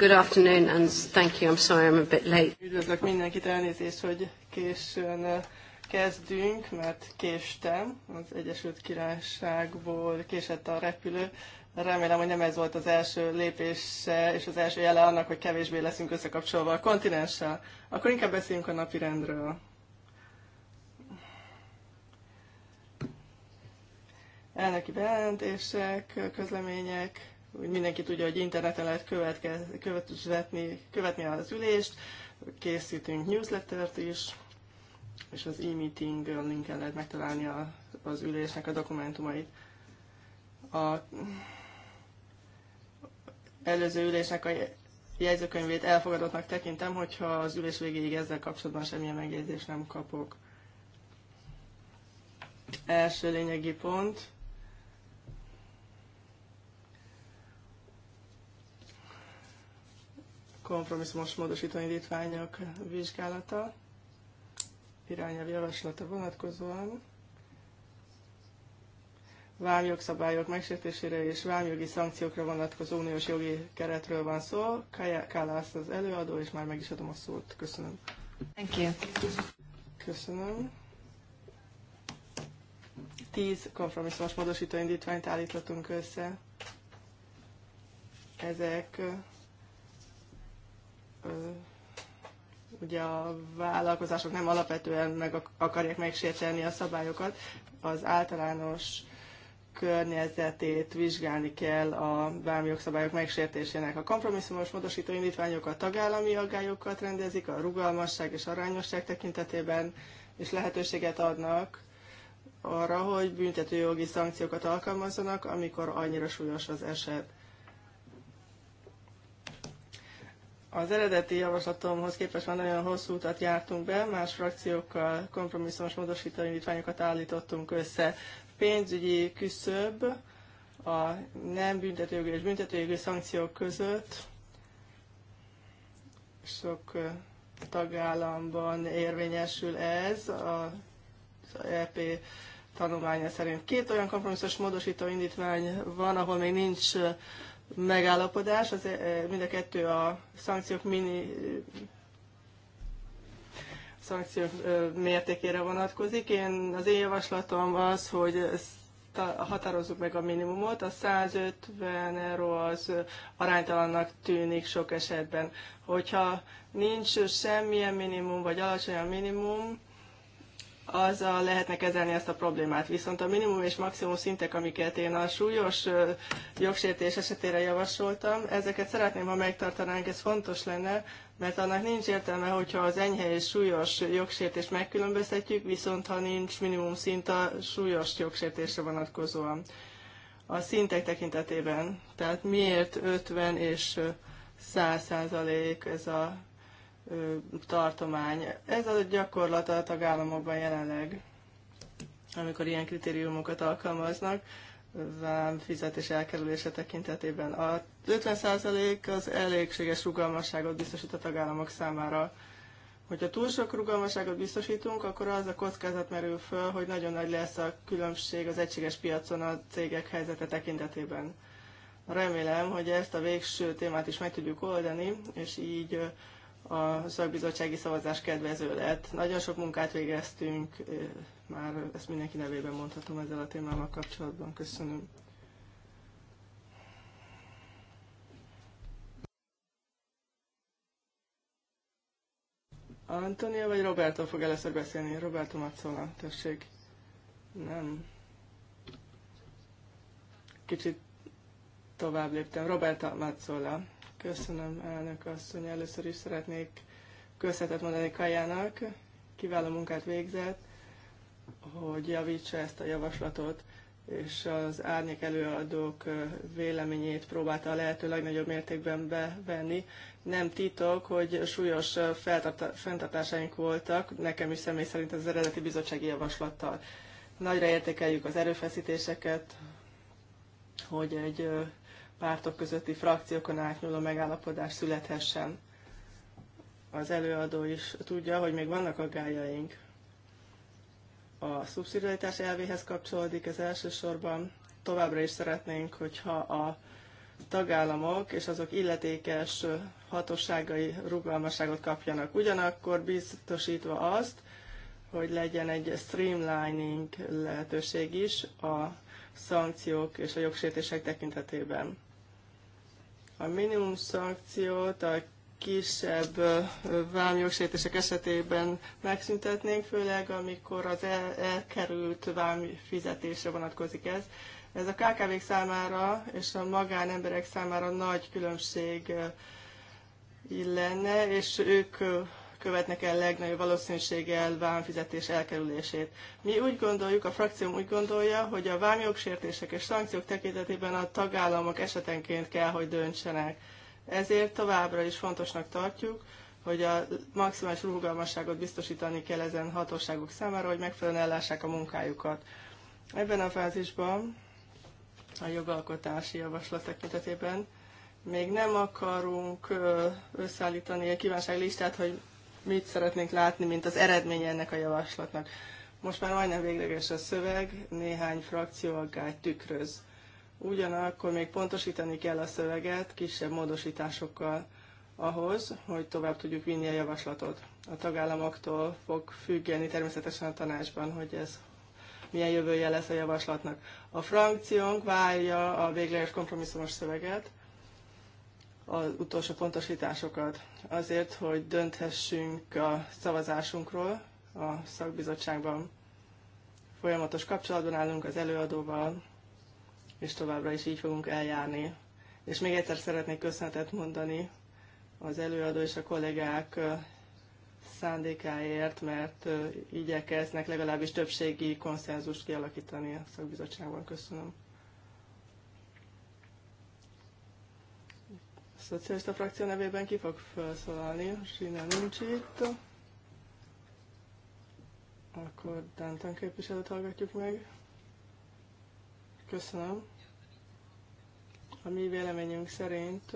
Good afternoon, and thank you. I'm sorry I'm a bit late. Üdvözlök mindenkit, elnézést, hogy későn uh, kezdünk, mert késtem. Az Egyesült Királyságból késett a repülő. Remélem, hogy nem ez volt az első lépése és az első jele annak, hogy kevésbé leszünk összekapcsolva a kontinenssel. Akkor inkább beszéljünk a napi rendről. Elnöki bejelentések, közlemények, úgy mindenki tudja, hogy interneten lehet követni, követni az ülést, készítünk newslettert is, és az e-meeting linken lehet megtalálni a, az ülésnek a dokumentumait. A előző ülésnek a jegyzőkönyvét elfogadottnak tekintem, hogyha az ülés végéig ezzel kapcsolatban semmilyen megjegyzést nem kapok. Első lényegi pont kompromisszumos módosító indítványok vizsgálata irányelv javaslata vonatkozóan vámjogszabályok megsértésére és vámjogi szankciókra vonatkozó uniós jogi keretről van szó. Kállász az előadó, és már meg is adom a szót. Köszönöm. Thank you. Köszönöm. Tíz kompromisszumos módosító indítványt állítottunk össze. Ezek ugye a vállalkozások nem alapvetően meg akarják megsérteni a szabályokat, az általános környezetét vizsgálni kell a vámjogszabályok megsértésének. A kompromisszumos módosító indítványok a tagállami aggályokat rendezik, a rugalmasság és arányosság tekintetében, és lehetőséget adnak arra, hogy büntetőjogi szankciókat alkalmazzanak, amikor annyira súlyos az eset Az eredeti javaslatomhoz képest már nagyon hosszú utat jártunk be, más frakciókkal kompromisszumos módosító indítványokat állítottunk össze. Pénzügyi küszöb a nem büntetőjogi és büntetőjogi szankciók között sok tagállamban érvényesül ez, az EP tanulmánya szerint. Két olyan kompromisszumos módosító indítvány van, ahol még nincs megállapodás, az, eh, mind a kettő a szankciók mini szankciók eh, mértékére vonatkozik. Én, az én javaslatom az, hogy határozzuk meg a minimumot. A 150 euró az aránytalannak tűnik sok esetben. Hogyha nincs semmilyen minimum, vagy alacsony a minimum, azzal lehetne kezelni ezt a problémát. Viszont a minimum és maximum szintek, amiket én a súlyos jogsértés esetére javasoltam, ezeket szeretném, ha megtartanánk, ez fontos lenne, mert annak nincs értelme, hogyha az enyhe és súlyos jogsértés megkülönböztetjük, viszont ha nincs minimum szint a súlyos jogsértésre vonatkozóan. A szintek tekintetében, tehát miért 50 és 100 százalék ez a tartomány. Ez a gyakorlat a tagállamokban jelenleg, amikor ilyen kritériumokat alkalmaznak, vám fizetés elkerülése tekintetében. A 50% az elégséges rugalmasságot biztosít a tagállamok számára. Hogyha túl sok rugalmasságot biztosítunk, akkor az a kockázat merül föl, hogy nagyon nagy lesz a különbség az egységes piacon a cégek helyzete tekintetében. Remélem, hogy ezt a végső témát is meg tudjuk oldani, és így a szakbizottsági szavazás kedvező lett. Nagyon sok munkát végeztünk, már ezt mindenki nevében mondhatom ezzel a témával kapcsolatban. Köszönöm. Antonia vagy Roberto fog először beszélni? Roberto Mazzola, tessék. Nem. Kicsit tovább léptem. Roberto Mazzola. Köszönöm, elnök asszony. Először is szeretnék köszönetet mondani Kajának. Kiváló munkát végzett, hogy javítsa ezt a javaslatot, és az árnyék előadók véleményét próbálta a lehető legnagyobb mértékben bevenni. Nem titok, hogy súlyos fenntartásaink voltak, nekem is személy szerint az eredeti bizottsági javaslattal. Nagyra értékeljük az erőfeszítéseket, hogy egy pártok közötti frakciókon átnyúló megállapodás születhessen. Az előadó is tudja, hogy még vannak aggájaink. A szubszidiaritás elvéhez kapcsolódik ez elsősorban. Továbbra is szeretnénk, hogyha a tagállamok és azok illetékes hatóságai rugalmasságot kapjanak. Ugyanakkor biztosítva azt, hogy legyen egy streamlining lehetőség is a szankciók és a jogsértések tekintetében a minimum szankciót a kisebb vámjogsértések esetében megszüntetnénk, főleg amikor az el, elkerült vámi fizetésre vonatkozik ez. Ez a kkv számára és a magánemberek számára nagy különbség lenne, és ők követnek el legnagyobb valószínűséggel vámfizetés elkerülését. Mi úgy gondoljuk, a frakcióm úgy gondolja, hogy a vámjogsértések és szankciók tekintetében a tagállamok esetenként kell, hogy döntsenek. Ezért továbbra is fontosnak tartjuk, hogy a maximális rugalmasságot biztosítani kell ezen hatóságok számára, hogy megfelelően ellássák a munkájukat. Ebben a fázisban a jogalkotási javaslat tekintetében még nem akarunk összeállítani egy kívánságlistát, hogy mit szeretnénk látni, mint az eredménye ennek a javaslatnak. Most már majdnem végleges a szöveg, néhány frakció aggály tükröz. Ugyanakkor még pontosítani kell a szöveget kisebb módosításokkal ahhoz, hogy tovább tudjuk vinni a javaslatot. A tagállamoktól fog függeni természetesen a tanácsban, hogy ez milyen jövője lesz a javaslatnak. A frakciónk várja a végleges kompromisszumos szöveget, az utolsó pontosításokat azért, hogy dönthessünk a szavazásunkról a szakbizottságban. Folyamatos kapcsolatban állunk az előadóval, és továbbra is így fogunk eljárni. És még egyszer szeretnék köszönetet mondani az előadó és a kollégák szándékáért, mert igyekeznek legalábbis többségi konszenzust kialakítani a szakbizottságban. Köszönöm. szocialista frakció nevében ki fog felszólalni? Sina nincs itt. Akkor Dantan képviselőt hallgatjuk meg. Köszönöm. A mi véleményünk szerint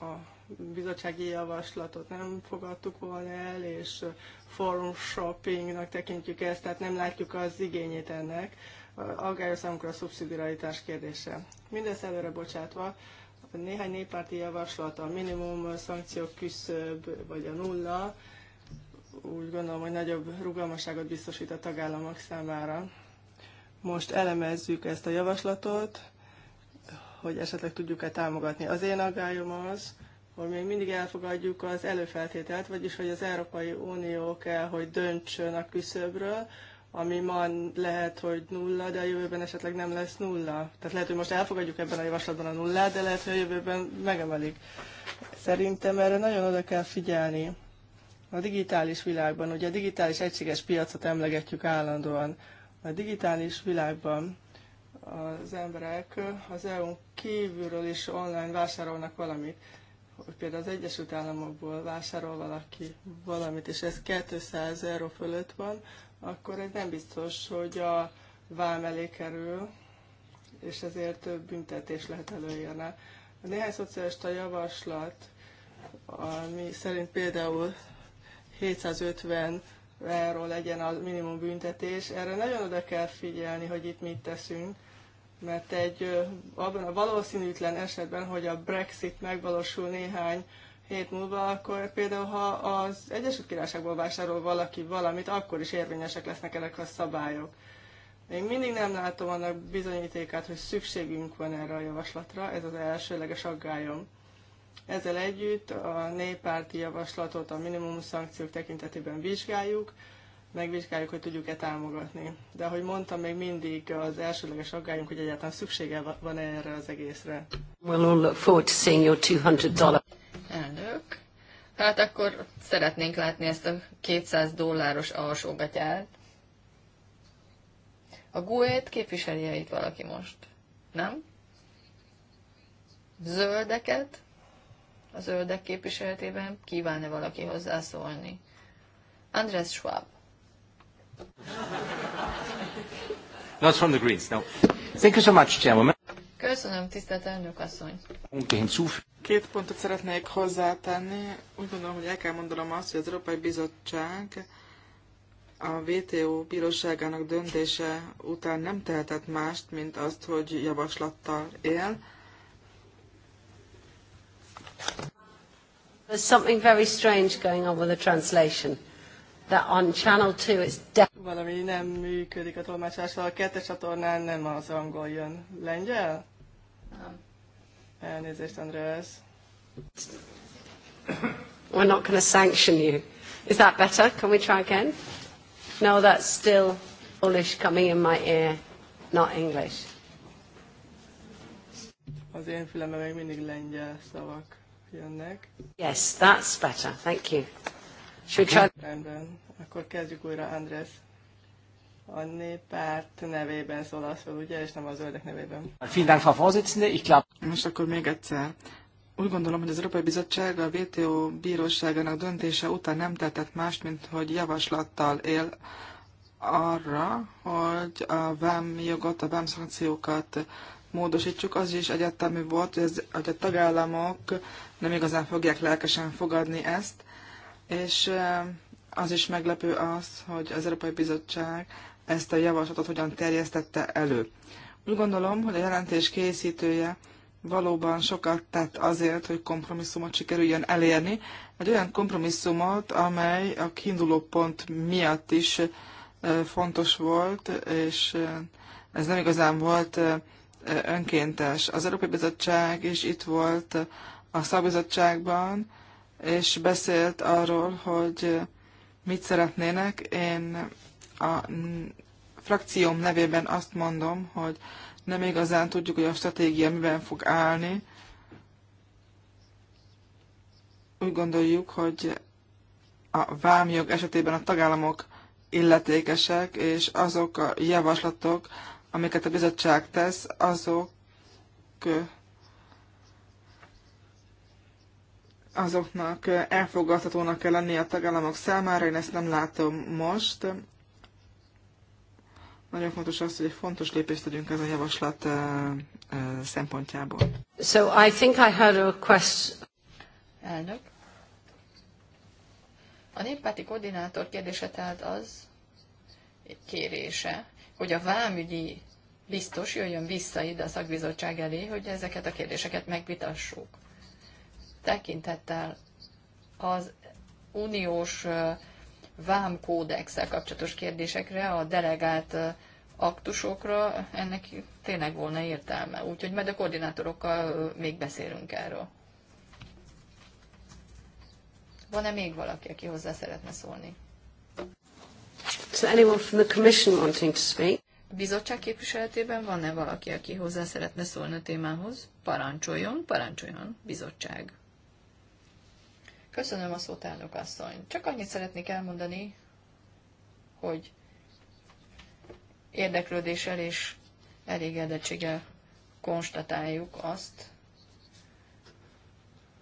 a bizottsági javaslatot nem fogadtuk volna el, és forum shoppingnak tekintjük ezt, tehát nem látjuk az igényét ennek aggályos számunkra a szubszidiaritás kérdése. Mindezt előre bocsátva, néhány néppárti javaslat, a minimum szankciók küszöb, vagy a nulla, úgy gondolom, hogy nagyobb rugalmasságot biztosít a tagállamok számára. Most elemezzük ezt a javaslatot, hogy esetleg tudjuk-e támogatni. Az én aggályom az, hogy még mindig elfogadjuk az előfeltételt, vagyis hogy az Európai Unió kell, hogy döntsön a küszöbről, ami ma lehet, hogy nulla, de a jövőben esetleg nem lesz nulla. Tehát lehet, hogy most elfogadjuk ebben a javaslatban a nullát, de lehet, hogy a jövőben megemelik. Szerintem erre nagyon oda kell figyelni. A digitális világban, ugye a digitális egységes piacot emlegetjük állandóan. A digitális világban az emberek az EU-n kívülről is online vásárolnak valamit. Hogy például az Egyesült Államokból vásárol valaki valamit, és ez 200 euró fölött van, akkor ez nem biztos, hogy a vám elé kerül, és ezért több büntetés lehet előjönne. A néhány szocialista javaslat, ami szerint például 750 erről legyen a minimum büntetés, erre nagyon oda kell figyelni, hogy itt mit teszünk, mert egy abban a valószínűtlen esetben, hogy a Brexit megvalósul néhány hét múlva, akkor például, ha az Egyesült Királyságból vásárol valaki valamit, akkor is érvényesek lesznek ezek a szabályok. Én mindig nem látom annak bizonyítékát, hogy szükségünk van erre a javaslatra, ez az elsőleges aggályom. Ezzel együtt a néppárti javaslatot a minimum szankciók tekintetében vizsgáljuk, megvizsgáljuk, hogy tudjuk-e támogatni. De ahogy mondtam, még mindig az elsőleges aggályunk, hogy egyáltalán szüksége van -e erre az egészre. Well, all look forward to seeing your $200. Elnök. Hát akkor szeretnénk látni ezt a 200 dolláros alsógatyát. A guét képviselje itt valaki most, nem? Zöldeket? A zöldek képviseletében kíván-e valaki hozzászólni? András Schwab. Not from the Greens, no. Thank you so much, Chairman. Köszönöm, tisztelt elnök asszony. Két pontot szeretnék hozzátenni. Úgy gondolom, hogy el kell mondanom azt, hogy az Európai Bizottság a WTO bíróságának döntése után nem tehetett mást, mint azt, hogy javaslattal él. There's something very strange going on with the translation that on channel 2 it's Valami nem működik a tolmácsással. A kettes csatornán nem az angol jön. Lengyel? Nem. Elnézést, András. We're not going to sanction you. Is that better? Can we try again? No, that's still Polish coming in my ear, not English. Az én fülembe még mindig lengyel szavak jönnek. Yes, that's better. Thank you. Hát- Rendben, akkor kezdjük újra, András. A néppárt nevében szólasz ugye, és nem a zöldek nevében. Vielen Frau Most akkor még egyszer. Úgy gondolom, hogy az Európai Bizottság a WTO bíróságának döntése után nem tettett mást, mint hogy javaslattal él arra, hogy a vám e jogot, a vám e szankciókat módosítsuk, az is egyetemű volt, hogy, ez, hogy a tagállamok nem igazán fogják lelkesen fogadni ezt, és az is meglepő az, hogy az Európai Bizottság ezt a javaslatot hogyan terjesztette elő. Úgy gondolom, hogy a jelentés készítője valóban sokat tett azért, hogy kompromisszumot sikerüljön elérni, egy olyan kompromisszumot, amely a kiinduló pont miatt is fontos volt, és ez nem igazán volt önkéntes. Az Európai Bizottság is itt volt a szabizottságban, és beszélt arról, hogy mit szeretnének. Én a frakcióm nevében azt mondom, hogy nem igazán tudjuk, hogy a stratégia miben fog állni. Úgy gondoljuk, hogy a vámjog esetében a tagállamok illetékesek, és azok a javaslatok, amiket a bizottság tesz, azok azoknak elfogadhatónak kell lenni a tagállamok számára, én ezt nem látom most. Nagyon fontos az, hogy egy fontos lépést tegyünk ez a javaslat szempontjából. So I think I heard a quest... Elnök. A néppáti koordinátor kérdése tehát az, kérése, hogy a vámügyi biztos jöjjön vissza ide a szakbizottság elé, hogy ezeket a kérdéseket megvitassuk tekintettel az uniós vámkódexsel kapcsolatos kérdésekre, a delegált aktusokra, ennek tényleg volna értelme. Úgyhogy majd a koordinátorokkal még beszélünk erről. Van-e még valaki, aki hozzá szeretne szólni? anyone from the commission wanting to speak? A bizottság képviseletében van-e valaki, aki hozzá szeretne szólni a témához? Parancsoljon, parancsoljon, bizottság. Köszönöm a szót, elnök asszony. Csak annyit szeretnék elmondani, hogy érdeklődéssel és elégedettséggel konstatáljuk azt,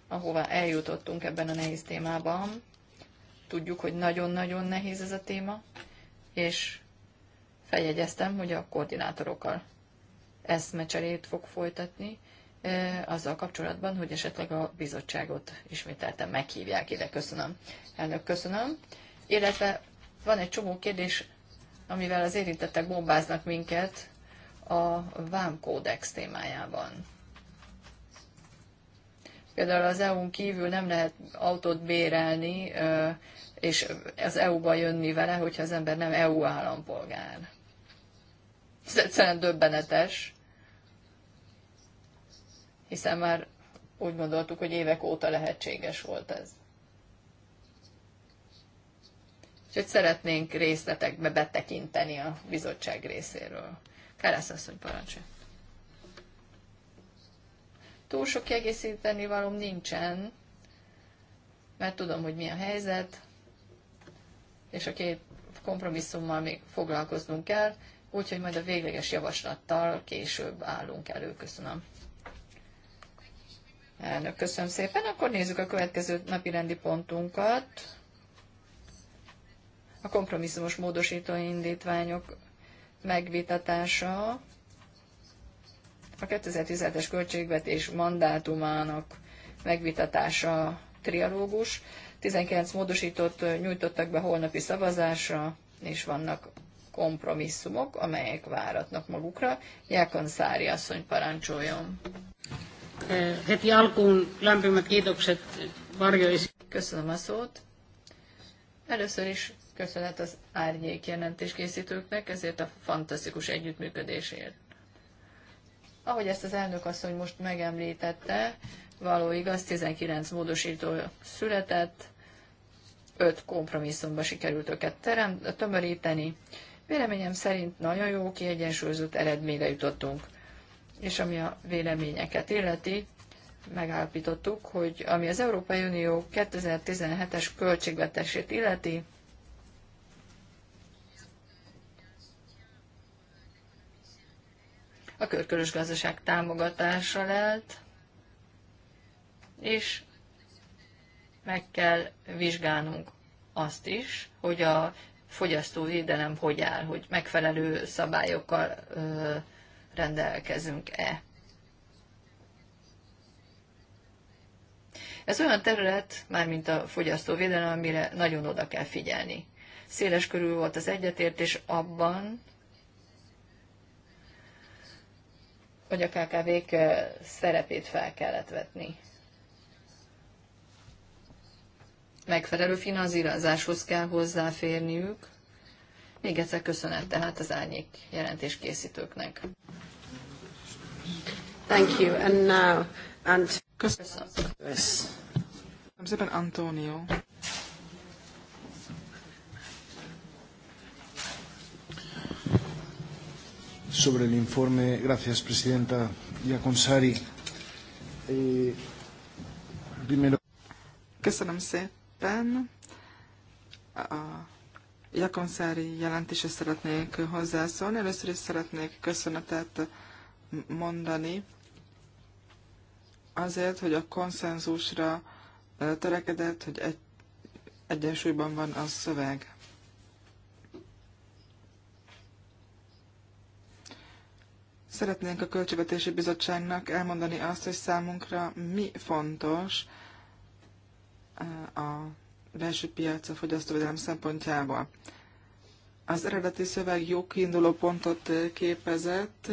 ahová eljutottunk ebben a nehéz témában. Tudjuk, hogy nagyon-nagyon nehéz ez a téma, és feljegyeztem, hogy a koordinátorokkal eszmecserét fog folytatni, azzal kapcsolatban, hogy esetleg a bizottságot ismételten meghívják ide. Köszönöm. Elnök, köszönöm. Illetve van egy csomó kérdés, amivel az érintettek bombáznak minket a vámkódex témájában. Például az EU-n kívül nem lehet autót bérelni, és az EU-ba jönni vele, hogyha az ember nem EU állampolgár. Ez egyszerűen döbbenetes hiszen már úgy gondoltuk, hogy évek óta lehetséges volt ez. Úgyhogy szeretnénk részletekbe betekinteni a bizottság részéről. Kárász asszony parancsa. Túl sok kiegészíteni valóm nincsen, mert tudom, hogy mi a helyzet, és a két kompromisszummal még foglalkoznunk kell, úgyhogy majd a végleges javaslattal később állunk elő. Köszönöm. Elnök, köszönöm szépen. Akkor nézzük a következő napi rendi pontunkat. A kompromisszumos módosító indítványok megvitatása a 2010 es költségvetés mandátumának megvitatása trialógus. 19 módosítót nyújtottak be holnapi szavazásra, és vannak kompromisszumok, amelyek váratnak magukra. Jákon Szári asszony parancsoljon. Eh, heti alkuun lämpimät kiitokset varjoisi. Köszönöm a szót. Először is köszönet az árnyék jelentéskészítőknek ezért a fantasztikus együttműködésért. Ahogy ezt az elnök asszony most megemlítette, való igaz, 19 módosító született, 5 kompromisszumba sikerült őket terem, tömöríteni. Véleményem szerint nagyon jó kiegyensúlyozott eredményre jutottunk és ami a véleményeket illeti, megállapítottuk, hogy ami az Európai Unió 2017-es költségvetését illeti, a körkörös gazdaság támogatása lelt, és meg kell vizsgálnunk azt is, hogy a fogyasztóvédelem hogy áll, hogy megfelelő szabályokkal rendelkezünk-e. Ez olyan terület, mármint a fogyasztóvédelem, amire nagyon oda kell figyelni. Széles körül volt az egyetértés abban, hogy a KKV-k eh, szerepét fel kellett vetni. Megfelelő finanszírozáshoz kell hozzáférniük, még egyszer köszönet tehát az árnyék jelentés készítőknek. Thank you. And now, and... Köszönöm. szépen, Antonio. Sobre el informe, gracias Presidenta Iaconsari. Eh, primero... Köszönöm szépen. Uh, Jakonszári jelentése szeretnék hozzászólni. Először is szeretnék köszönetet mondani azért, hogy a konszenzusra törekedett, hogy egy, egyensúlyban van a szöveg. Szeretnénk a Költségvetési Bizottságnak elmondani azt, hogy számunkra mi fontos a belső piac a fogyasztóvédelem szempontjából. Az eredeti szöveg jó kiinduló pontot képezett,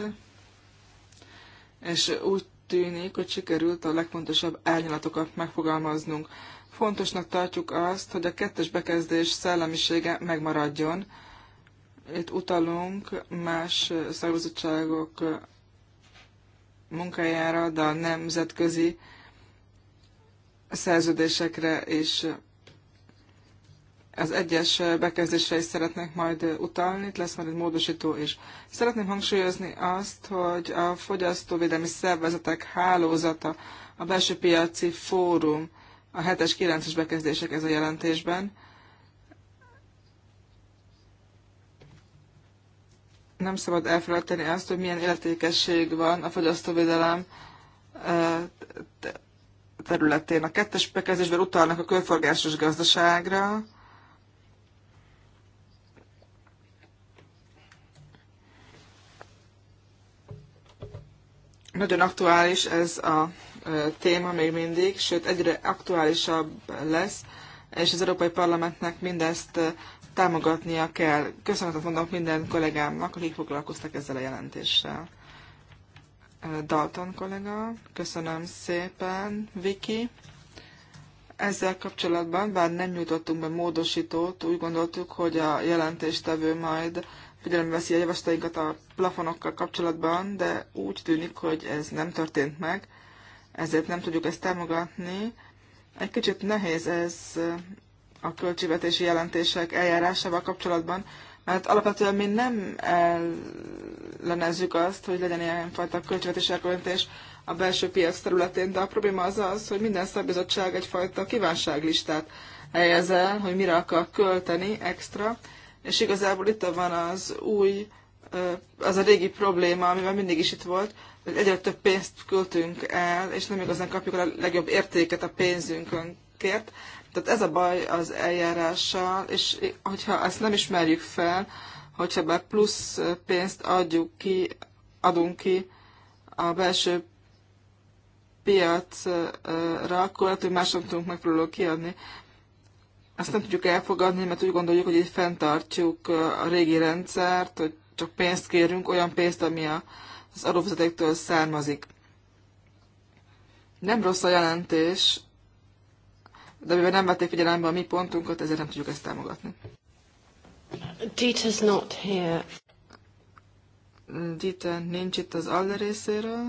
és úgy tűnik, hogy sikerült a legfontosabb árnyalatokat megfogalmaznunk. Fontosnak tartjuk azt, hogy a kettes bekezdés szellemisége megmaradjon. Itt utalunk más szakbizottságok munkájára, de a nemzetközi szerződésekre is az egyes bekezdésre is szeretnék majd utalni, itt lesz majd egy módosító is. Szeretném hangsúlyozni azt, hogy a fogyasztóvédelmi szervezetek hálózata, a belső piaci fórum, a 7-es, 9-es bekezdések ez a jelentésben. Nem szabad elfelejteni azt, hogy milyen életékesség van a fogyasztóvédelem területén. A kettes bekezdésben utalnak a körforgásos gazdaságra, Nagyon aktuális ez a téma még mindig, sőt egyre aktuálisabb lesz, és az Európai Parlamentnek mindezt támogatnia kell. Köszönetet mondok minden kollégámnak, akik foglalkoztak ezzel a jelentéssel. Dalton kollega, köszönöm szépen, Viki. Ezzel kapcsolatban, bár nem nyújtottunk be módosítót, úgy gondoltuk, hogy a jelentéstevő majd figyelembe veszi a javaslatainkat a plafonokkal kapcsolatban, de úgy tűnik, hogy ez nem történt meg, ezért nem tudjuk ezt támogatni. Egy kicsit nehéz ez a költségvetési jelentések eljárásával kapcsolatban, mert alapvetően mi nem ellenezzük azt, hogy legyen ilyenfajta költségvetési elkülönítés a belső piac területén, de a probléma az az, hogy minden szabizottság egyfajta kívánságlistát helyez el, hogy mire akar költeni extra, és igazából itt van az új, az a régi probléma, ami már mindig is itt volt, hogy egyre több pénzt költünk el, és nem igazán kapjuk a legjobb értéket a pénzünkért. Tehát ez a baj az eljárással, és hogyha ezt nem ismerjük fel, hogyha be plusz pénzt adjuk ki, adunk ki a belső piacra, akkor lehet, hogy mások tudunk megpróbálni kiadni ezt nem tudjuk elfogadni, mert úgy gondoljuk, hogy itt fenntartjuk a régi rendszert, hogy csak pénzt kérünk, olyan pénzt, ami az adófizetéktől származik. Nem rossz a jelentés, de mivel nem vették figyelembe a mi pontunkat, ezért nem tudjuk ezt támogatni. Dieter's not here. Dieter nincs itt az Alder részéről.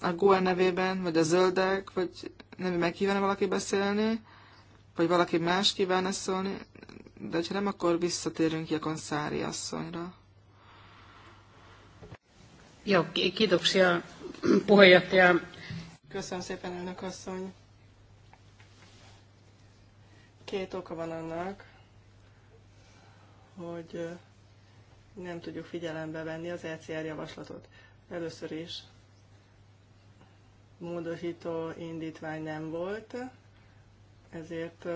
A Goa nevében, vagy a Zöldek, vagy nem megkívánna valaki beszélni vagy valaki más kívánna szólni, de ha nem, akkor visszatérünk Szári asszonyra. Jó, kiitoksia ja. Köszönöm szépen, elnök asszony. Két oka van annak, hogy nem tudjuk figyelembe venni az ECR javaslatot. Először is módosító indítvány nem volt, ezért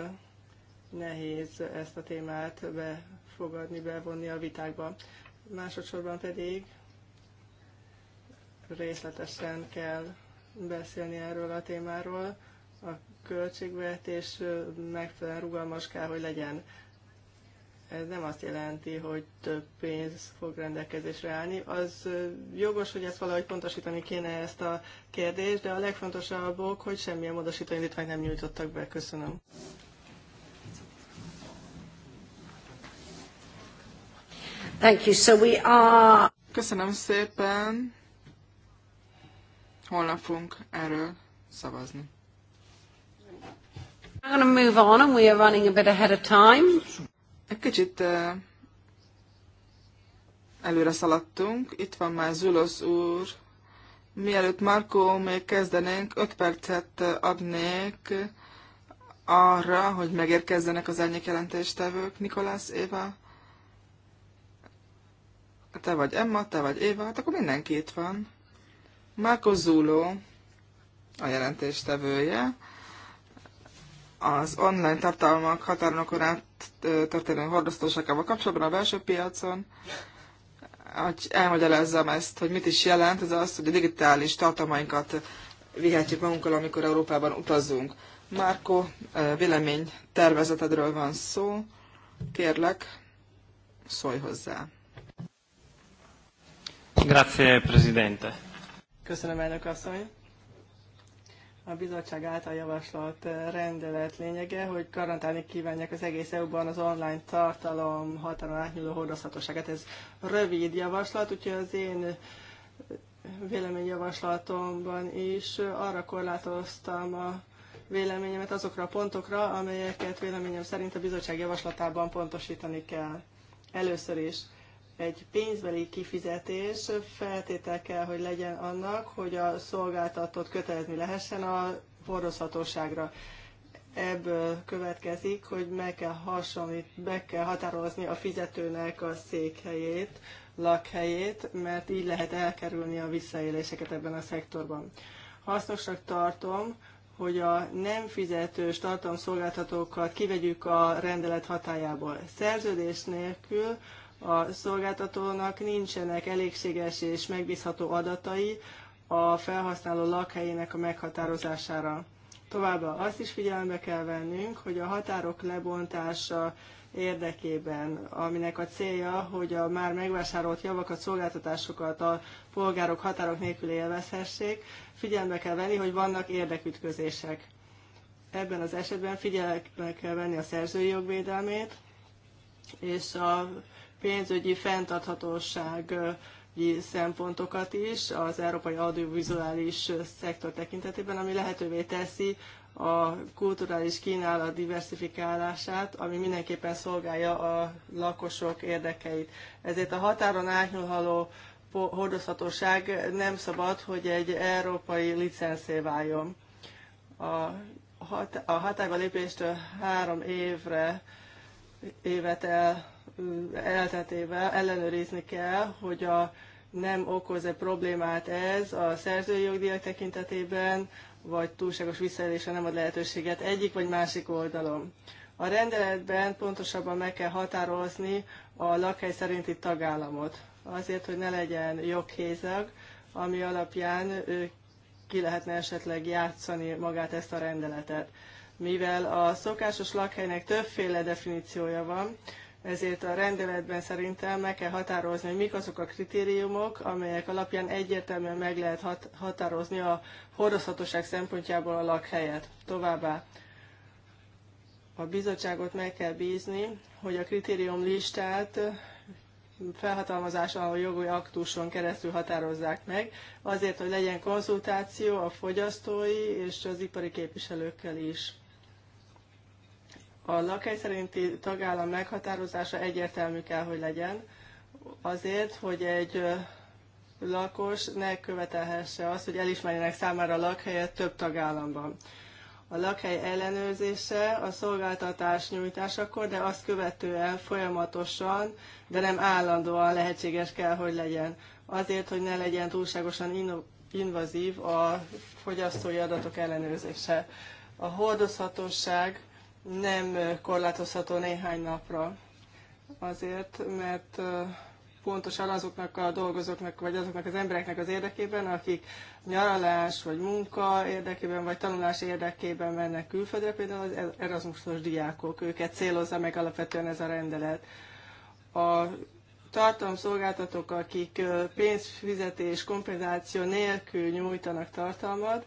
nehéz ezt a témát befogadni, bevonni a vitákba. Másodszorban pedig részletesen kell beszélni erről a témáról. A költségvetés megfelelően rugalmas kell, hogy legyen. Ez nem azt jelenti, hogy több pénz fog rendelkezésre állni. Az jogos, hogy ezt valahogy pontosítani kéne ezt a kérdést, de a legfontosabb ok, hogy semmilyen módosító indítványt nem nyújtottak be. Köszönöm. Thank you. So we are... Köszönöm szépen. Holnap fogunk erről szavazni. I'm going to move on and we are running a bit ahead of time. Egy kicsit előre szaladtunk. Itt van már Zulosz úr. Mielőtt Markó még kezdenénk, 5 percet adnék arra, hogy megérkezzenek az ennyi jelentéstevők. Nikolász, Éva, te vagy Emma, te vagy Éva, hát akkor mindenki itt van. Márko Zuló a jelentéstevője az online tartalmak határokon át történő hordoztóságával kapcsolatban a belső piacon, hogy elmagyarázzam ezt, hogy mit is jelent, ez az, hogy a digitális tartalmainkat vihetjük magunkkal, amikor Európában utazunk. Márko, vélemény tervezetedről van szó, kérlek, szólj hozzá. Grazie, Presidente. Köszönöm, elnök asszony a bizottság által javasolt eh, rendelet lényege, hogy garantálni kívánják az egész EU-ban az online tartalom határon átnyúló hordozhatóságát. Ez rövid javaslat, úgyhogy az én eh, véleményjavaslatomban is arra korlátoztam a véleményemet azokra a pontokra, amelyeket véleményem szerint a bizottság javaslatában pontosítani kell. Először is egy pénzbeli kifizetés feltétel kell, hogy legyen annak, hogy a szolgáltatót kötelezni lehessen a hordozhatóságra. Ebből következik, hogy meg kell hasonlít, meg kell határozni a fizetőnek a székhelyét, lakhelyét, mert így lehet elkerülni a visszaéléseket ebben a szektorban. Hasznosnak tartom, hogy a nem fizetős tartalomszolgáltatókat kivegyük a rendelet hatájából. Szerződés nélkül a szolgáltatónak nincsenek elégséges és megbízható adatai a felhasználó lakhelyének a meghatározására. Továbbá azt is figyelembe kell vennünk, hogy a határok lebontása érdekében, aminek a célja, hogy a már megvásárolt javakat, szolgáltatásokat a polgárok határok nélkül élvezhessék, figyelembe kell venni, hogy vannak érdekütközések. Ebben az esetben figyelembe kell venni a szerzői jogvédelmét, és a pénzügyi fenntarthatóság szempontokat is az európai audiovizuális szektor tekintetében, ami lehetővé teszi a kulturális kínálat diversifikálását, ami mindenképpen szolgálja a lakosok érdekeit. Ezért a határon átnyúló hordozhatóság nem szabad, hogy egy európai licenszé váljon. A, hat, a lépéstől három évre évet el elteltével ellenőrizni kell, hogy a nem okoz-e problémát ez a szerzői jogdíjak tekintetében, vagy túlságos visszaélése nem ad lehetőséget egyik vagy másik oldalon. A rendeletben pontosabban meg kell határozni a lakhely szerinti tagállamot, azért, hogy ne legyen joghézag, ami alapján ki lehetne esetleg játszani magát ezt a rendeletet. Mivel a szokásos lakhelynek többféle definíciója van, ezért a rendeletben szerintem meg kell határozni, hogy mik azok a kritériumok, amelyek alapján egyértelműen meg lehet hat- határozni a hordozhatóság szempontjából a lakhelyet. Továbbá a bizottságot meg kell bízni, hogy a kritérium listát felhatalmazáson a jogi aktuson keresztül határozzák meg, azért, hogy legyen konzultáció a fogyasztói és az ipari képviselőkkel is. A lakhely szerinti tagállam meghatározása egyértelmű kell, hogy legyen, azért, hogy egy lakos ne követelhesse azt, hogy elismerjenek számára a lakhelyet több tagállamban. A lakhely ellenőrzése a szolgáltatás nyújtásakor, de azt követően folyamatosan, de nem állandóan lehetséges kell, hogy legyen. Azért, hogy ne legyen túlságosan invazív a fogyasztói adatok ellenőrzése. A hordozhatóság nem korlátozható néhány napra. Azért, mert pontosan azoknak a dolgozóknak, vagy azoknak az embereknek az érdekében, akik nyaralás, vagy munka érdekében, vagy tanulás érdekében mennek külföldre, például az e- Erasmusos diákok, őket célozza meg alapvetően ez a rendelet. A tartalomszolgáltatók, akik pénzfizetés, kompenzáció nélkül nyújtanak tartalmat,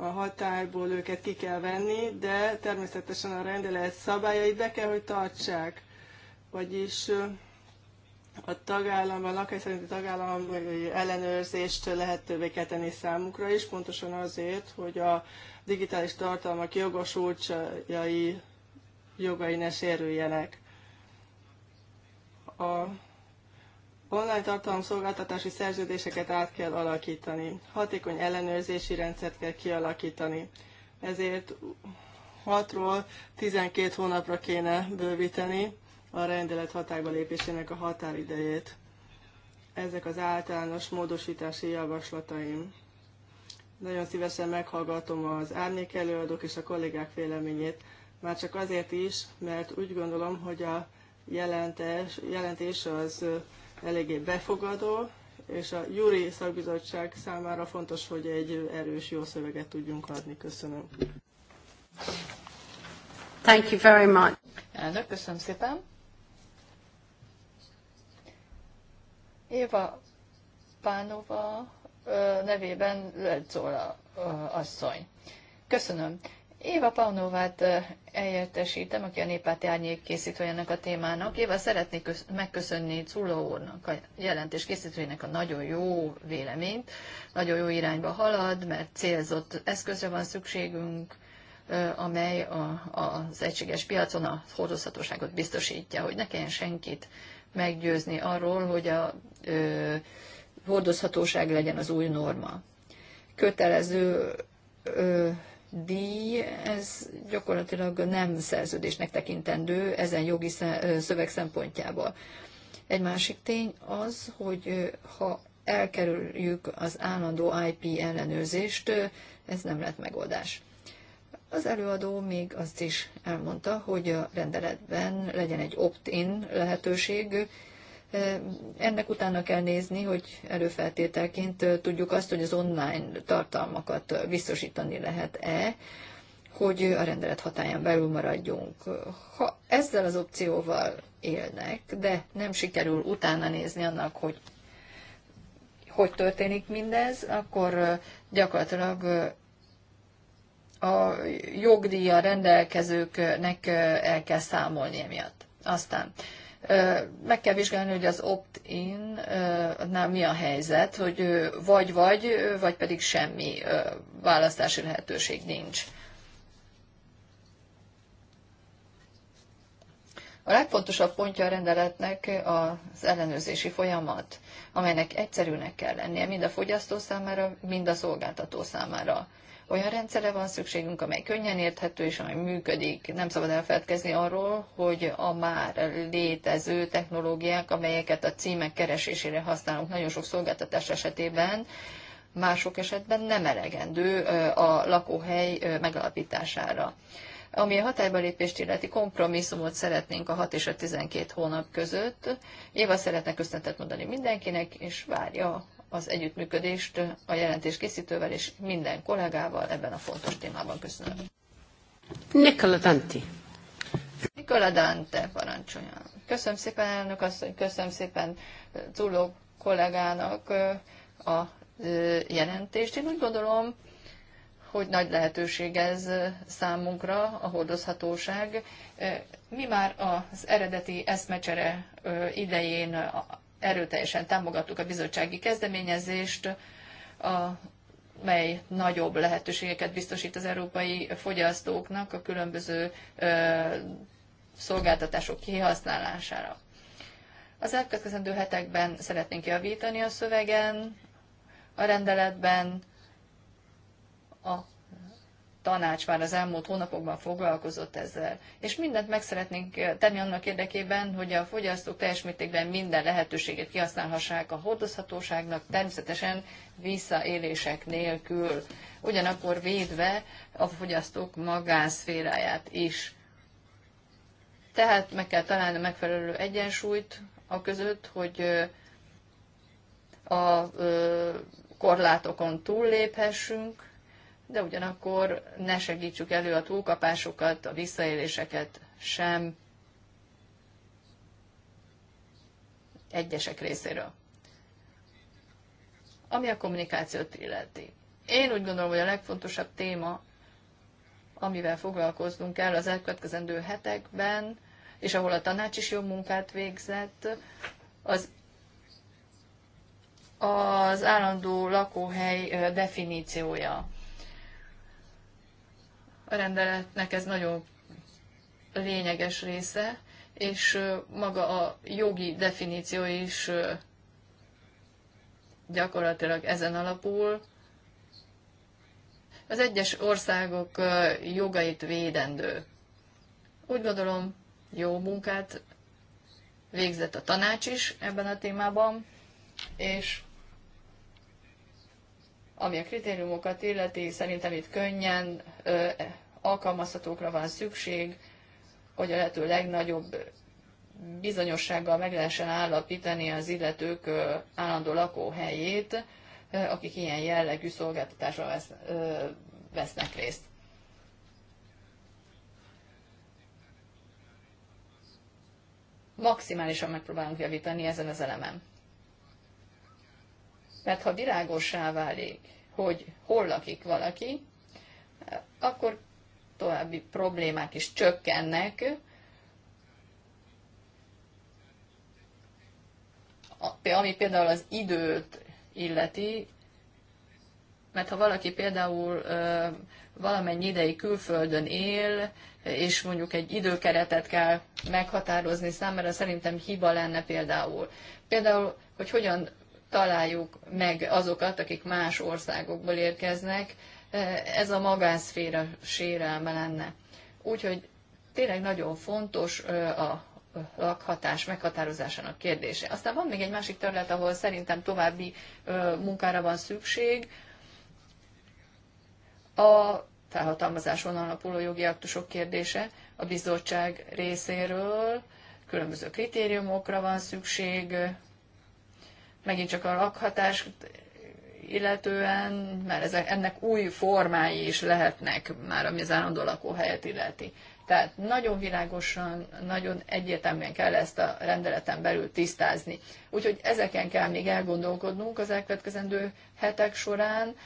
a határból őket ki kell venni, de természetesen a rendelet szabályait be kell, hogy tartsák. Vagyis a a lakhely szerinti tagállam ellenőrzést lehetővé kell tenni számukra is, pontosan azért, hogy a digitális tartalmak jogosultjai jogai ne sérüljenek. A Online tartalomszolgáltatási szerződéseket át kell alakítani, hatékony ellenőrzési rendszert kell kialakítani. Ezért 6-ról 12 hónapra kéne bővíteni a rendelet hatályba lépésének a határidejét. Ezek az általános módosítási javaslataim. Nagyon szívesen meghallgatom az árnyék előadók és a kollégák véleményét, már csak azért is, mert úgy gondolom, hogy a jelentés, jelentés az eléggé befogadó, és a Júri Szakbizottság számára fontos, hogy egy erős, jó szöveget tudjunk adni. Köszönöm. Thank you very much. Elnök, köszönöm szépen. Éva Pánova nevében Ledzola asszony. Köszönöm. Éva Paunovát eljöttesítem, aki a Népáti árnyék készítőjének a témának. Éva, szeretnék megköszönni Culló úrnak, a jelentés készítőjének a nagyon jó véleményt. Nagyon jó irányba halad, mert célzott eszközre van szükségünk, amely a, az egységes piacon a hordozhatóságot biztosítja, hogy ne kelljen senkit meggyőzni arról, hogy a ö, hordozhatóság legyen az új norma. Kötelező ö, díj, ez gyakorlatilag nem szerződésnek tekintendő ezen jogi szöveg szempontjából. Egy másik tény az, hogy ha elkerüljük az állandó IP ellenőrzést, ez nem lett megoldás. Az előadó még azt is elmondta, hogy a rendeletben legyen egy opt-in lehetőség, ennek utána kell nézni, hogy előfeltételként tudjuk azt, hogy az online tartalmakat biztosítani lehet-e, hogy a rendelet hatáján belül maradjunk. Ha ezzel az opcióval élnek, de nem sikerül utána nézni annak, hogy hogy történik mindez, akkor gyakorlatilag a jogdíja rendelkezőknek el kell számolni emiatt. Aztán meg kell vizsgálni, hogy az opt-in-nál mi a helyzet, hogy vagy-vagy, vagy pedig semmi választási lehetőség nincs. A legfontosabb pontja a rendeletnek az ellenőrzési folyamat, amelynek egyszerűnek kell lennie mind a fogyasztó számára, mind a szolgáltató számára. Olyan rendszere van szükségünk, amely könnyen érthető és amely működik. Nem szabad elfeledkezni arról, hogy a már létező technológiák, amelyeket a címek keresésére használunk nagyon sok szolgáltatás esetében, mások esetben nem elegendő a lakóhely megalapítására. Ami a hatályba lépést illeti kompromisszumot szeretnénk a 6 és a 12 hónap között. Éva szeretne köszöntet mondani mindenkinek, és várja az együttműködést a jelentés készítővel és minden kollégával ebben a fontos témában. Köszönöm. Nicola Dante. Nicola Dante parancsoljon. Köszönöm szépen elnök asszony, köszönöm szépen eh, Zulló kollégának eh, a eh, jelentést. Én úgy gondolom, hogy nagy lehetőség ez számunkra, a hordozhatóság. Mi már az eredeti eszmecsere idején erőteljesen támogattuk a bizottsági kezdeményezést, a, mely nagyobb lehetőségeket biztosít az európai fogyasztóknak a különböző ö, szolgáltatások kihasználására. Az elkövetkezendő hetekben szeretnénk javítani a szövegen, a rendeletben, a tanács már az elmúlt hónapokban foglalkozott ezzel, és mindent meg szeretnénk eh, tenni annak érdekében, hogy a fogyasztók teljes mértékben minden lehetőséget kihasználhassák a hordozhatóságnak, természetesen visszaélések nélkül, ugyanakkor védve a fogyasztók magánszféráját is. Tehát meg kell találni megfelelő egyensúlyt a között, hogy eh, a eh, korlátokon túlléphessünk, de ugyanakkor ne segítsük elő a túlkapásokat, a visszaéléseket sem egyesek részéről. Ami a kommunikációt illeti. Én úgy gondolom, hogy a legfontosabb téma, amivel foglalkoznunk kell az elkövetkezendő hetekben, és ahol a tanács is jó munkát végzett, az az állandó lakóhely definíciója. A rendeletnek ez nagyon lényeges része, és maga a jogi definíció is gyakorlatilag ezen alapul. Az egyes országok jogait védendő. Úgy gondolom, jó munkát végzett a tanács is ebben a témában, és ami a kritériumokat illeti, szerintem itt könnyen ö, alkalmazhatókra van szükség, hogy a lehető legnagyobb bizonyossággal meg lehessen állapítani az illetők ö, állandó lakóhelyét, ö, akik ilyen jellegű szolgáltatásra vesz, ö, vesznek részt. maximálisan megpróbálunk javítani ezen az elemen. Mert ha világosá válik, hogy hol lakik valaki, akkor további problémák is csökkennek, ami például az időt illeti, mert ha valaki például valamennyi ideig külföldön él, és mondjuk egy időkeretet kell meghatározni számára, szerintem hiba lenne például. Például, hogy hogyan találjuk meg azokat, akik más országokból érkeznek, e, ez a magánszféra sérelme lenne. Úgyhogy tényleg nagyon fontos e, a lakhatás meghatározásának kérdése. Aztán van még egy másik terület, ahol szerintem további e, munkára van szükség. A felhatalmazáson alapuló jogi aktusok kérdése a bizottság részéről különböző kritériumokra van szükség, megint csak a lakhatást illetően, mert ezek, ennek új formái is lehetnek már, ami az állandó lakóhelyet illeti. Tehát nagyon világosan, nagyon egyértelműen kell ezt a rendeleten belül tisztázni. Úgyhogy ezeken kell még elgondolkodnunk az elkövetkezendő hetek során.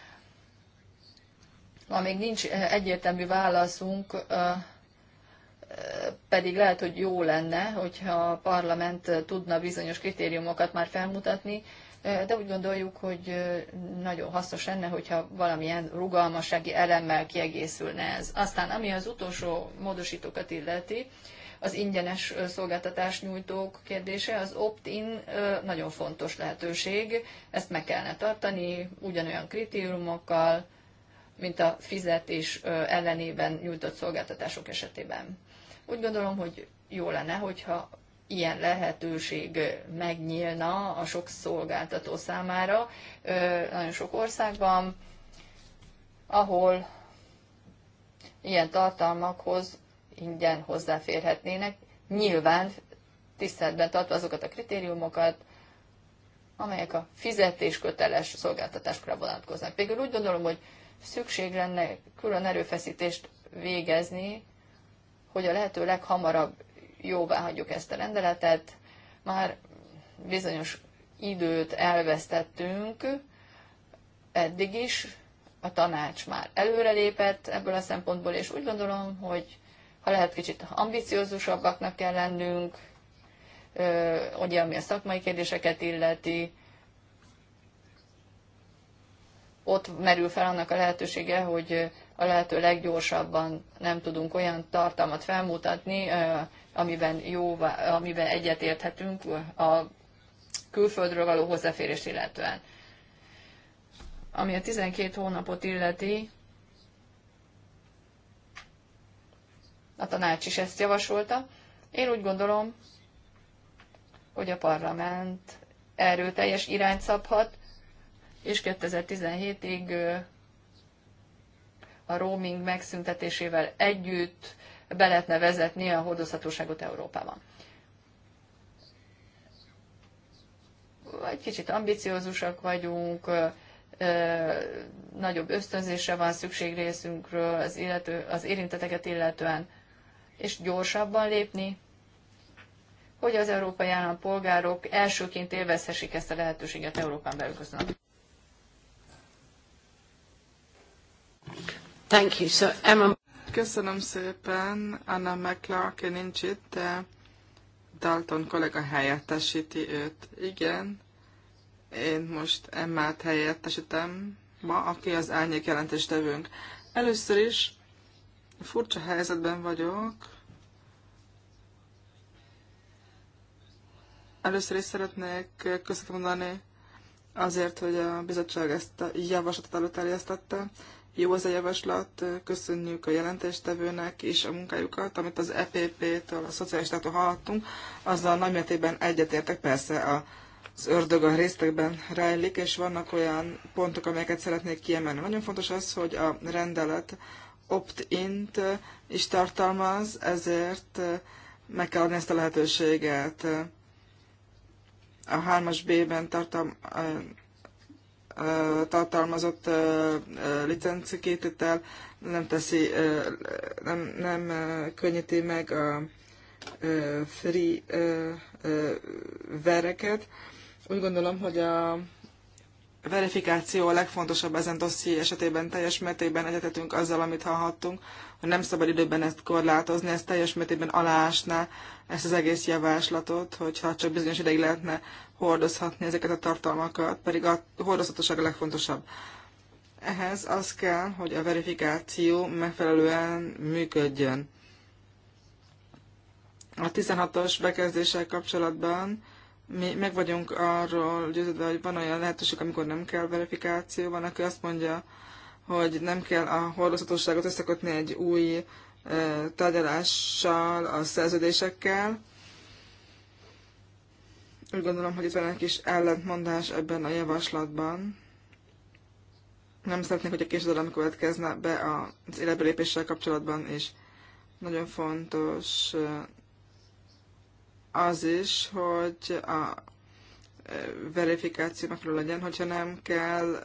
Ma még nincs egyértelmű válaszunk pedig lehet, hogy jó lenne, hogyha a parlament tudna bizonyos kritériumokat már felmutatni, de úgy gondoljuk, hogy nagyon hasznos lenne, hogyha valamilyen rugalmassági elemmel kiegészülne ez. Aztán, ami az utolsó módosítókat illeti, az ingyenes szolgáltatás nyújtók kérdése, az opt-in nagyon fontos lehetőség, ezt meg kellene tartani ugyanolyan kritériumokkal, mint a fizetés ellenében nyújtott szolgáltatások esetében. Úgy gondolom, hogy jó lenne, hogyha ilyen lehetőség megnyílna a sok szolgáltató számára nagyon sok országban, ahol ilyen tartalmakhoz ingyen hozzáférhetnének, nyilván tiszteletben tartva azokat a kritériumokat, amelyek a fizetésköteles szolgáltatásokra vonatkoznak. Végül úgy gondolom, hogy szükség lenne külön erőfeszítést végezni hogy a lehető leghamarabb jóvá hagyjuk ezt a rendeletet. Már bizonyos időt elvesztettünk eddig is, a tanács már előrelépett ebből a szempontból, és úgy gondolom, hogy ha lehet kicsit ambiciózusabbaknak kell lennünk, ugye ami a szakmai kérdéseket illeti, ott merül fel annak a lehetősége, hogy a lehető leggyorsabban nem tudunk olyan tartalmat felmutatni, amiben, jó, amiben egyetérthetünk a külföldről való hozzáférés illetően. Ami a 12 hónapot illeti, a tanács is ezt javasolta. Én úgy gondolom, hogy a parlament erőteljes irányt szabhat, és 2017-ig a roaming megszüntetésével együtt be lehetne vezetni a hordozhatóságot Európában. Egy kicsit ambiciózusak vagyunk, nagyobb ösztönzésre van szükség részünkről az, illető, az érinteteket illetően, és gyorsabban lépni, hogy az európai állampolgárok elsőként élvezhessék ezt a lehetőséget Európán belül. Köszönöm. Thank you. So, Emma... Köszönöm szépen, Anna mcclark nincs itt, de Dalton kollega helyettesíti őt. Igen, én most Emmát helyettesítem ma, aki az árnyék jelentéstevőnk. Először is furcsa helyzetben vagyok. Először is szeretnék köszönet mondani azért, hogy a bizottság ezt a javaslatot előterjesztette, jó az a javaslat, köszönjük a jelentéstevőnek és a munkájukat, amit az EPP-től, a szocialistától hallhattunk, azzal nagymértékben egyetértek, persze a az ördög a résztekben rejlik, és vannak olyan pontok, amelyeket szeretnék kiemelni. Nagyon fontos az, hogy a rendelet opt-int is tartalmaz, ezért meg kell adni ezt a lehetőséget. A 3-as B-ben tartalm, tartalmazott licencikététel nem teszi, nem, nem könnyíti meg a free vereket. Úgy gondolom, hogy a verifikáció a legfontosabb ezen dosszi esetében teljes mértékben egyetetünk azzal, amit hallhattunk nem szabad időben ezt korlátozni, ez teljes mértékben aláásná ezt az egész javaslatot, hogyha csak bizonyos ideig lehetne hordozhatni ezeket a tartalmakat, pedig a hordozhatóság a legfontosabb. Ehhez az kell, hogy a verifikáció megfelelően működjön. A 16-os bekezdéssel kapcsolatban mi meg vagyunk arról győződve, hogy van olyan lehetőség, amikor nem kell verifikáció, van, aki azt mondja, hogy nem kell a hordozhatóságot összekötni egy új e, tárgyalással, a szerződésekkel. Úgy gondolom, hogy itt van egy kis ellentmondás ebben a javaslatban. Nem szeretnék, hogy a késedelem következne be az életbelépéssel kapcsolatban és Nagyon fontos e, az is, hogy a e, verifikáció megfelelő legyen, hogyha nem kell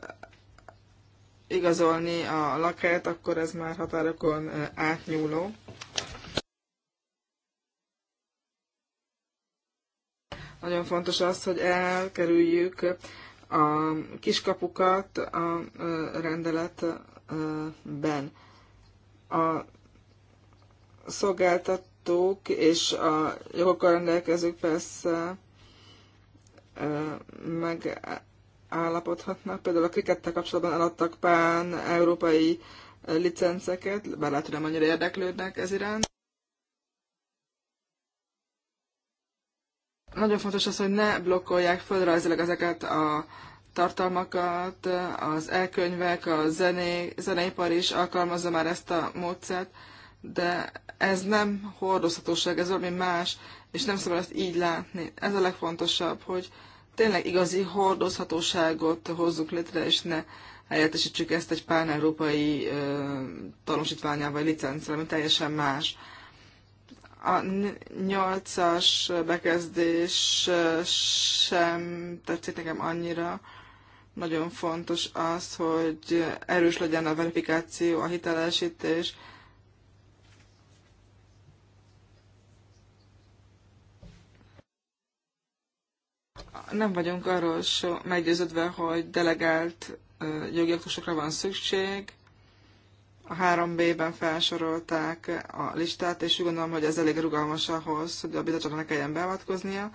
igazolni a lakát, akkor ez már határokon átnyúló. Nagyon fontos az, hogy elkerüljük a kiskapukat a rendeletben. A szolgáltatók és a jogokkal rendelkezők persze meg állapodhatnak. Például a krikettel kapcsolatban eladtak pán európai licenceket, bár lehet, hogy nem annyira érdeklődnek ez iránt. Nagyon fontos az, hogy ne blokkolják földrajzilag ezeket a tartalmakat, az elkönyvek, a zené, zeneipar is alkalmazza már ezt a módszert, de ez nem hordozhatóság, ez valami más, és nem szabad ezt így látni. Ez a legfontosabb, hogy tényleg igazi hordozhatóságot hozzuk létre, és ne helyettesítsük ezt egy pán-európai tanúsítványával, vagy licenccel, ami teljesen más. A nyolcas bekezdés sem tetszik nekem annyira. Nagyon fontos az, hogy erős legyen a verifikáció, a hitelesítés, nem vagyunk arról so meggyőződve, hogy delegált jogi aktusokra van szükség. A 3B-ben felsorolták a listát, és úgy gondolom, hogy ez elég rugalmas ahhoz, hogy a bizottságnak ne kelljen beavatkoznia.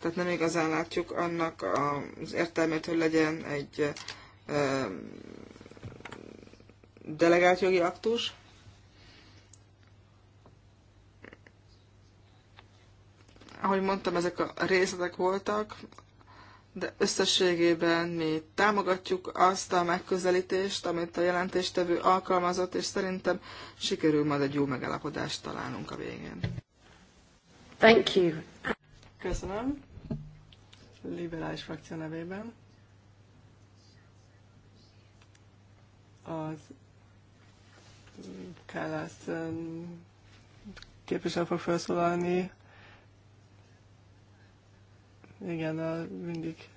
Tehát nem igazán látjuk annak az értelmét, hogy legyen egy delegált jogi aktus. Ahogy mondtam, ezek a részletek voltak, de összességében mi támogatjuk azt a megközelítést, amit a jelentéstevő alkalmazott, és szerintem sikerül majd egy jó megállapodást találnunk a végén. Thank you. Köszönöm. Liberális frakció nevében. Az Kállász um, képviselő fog felszólalni igen, a, mindig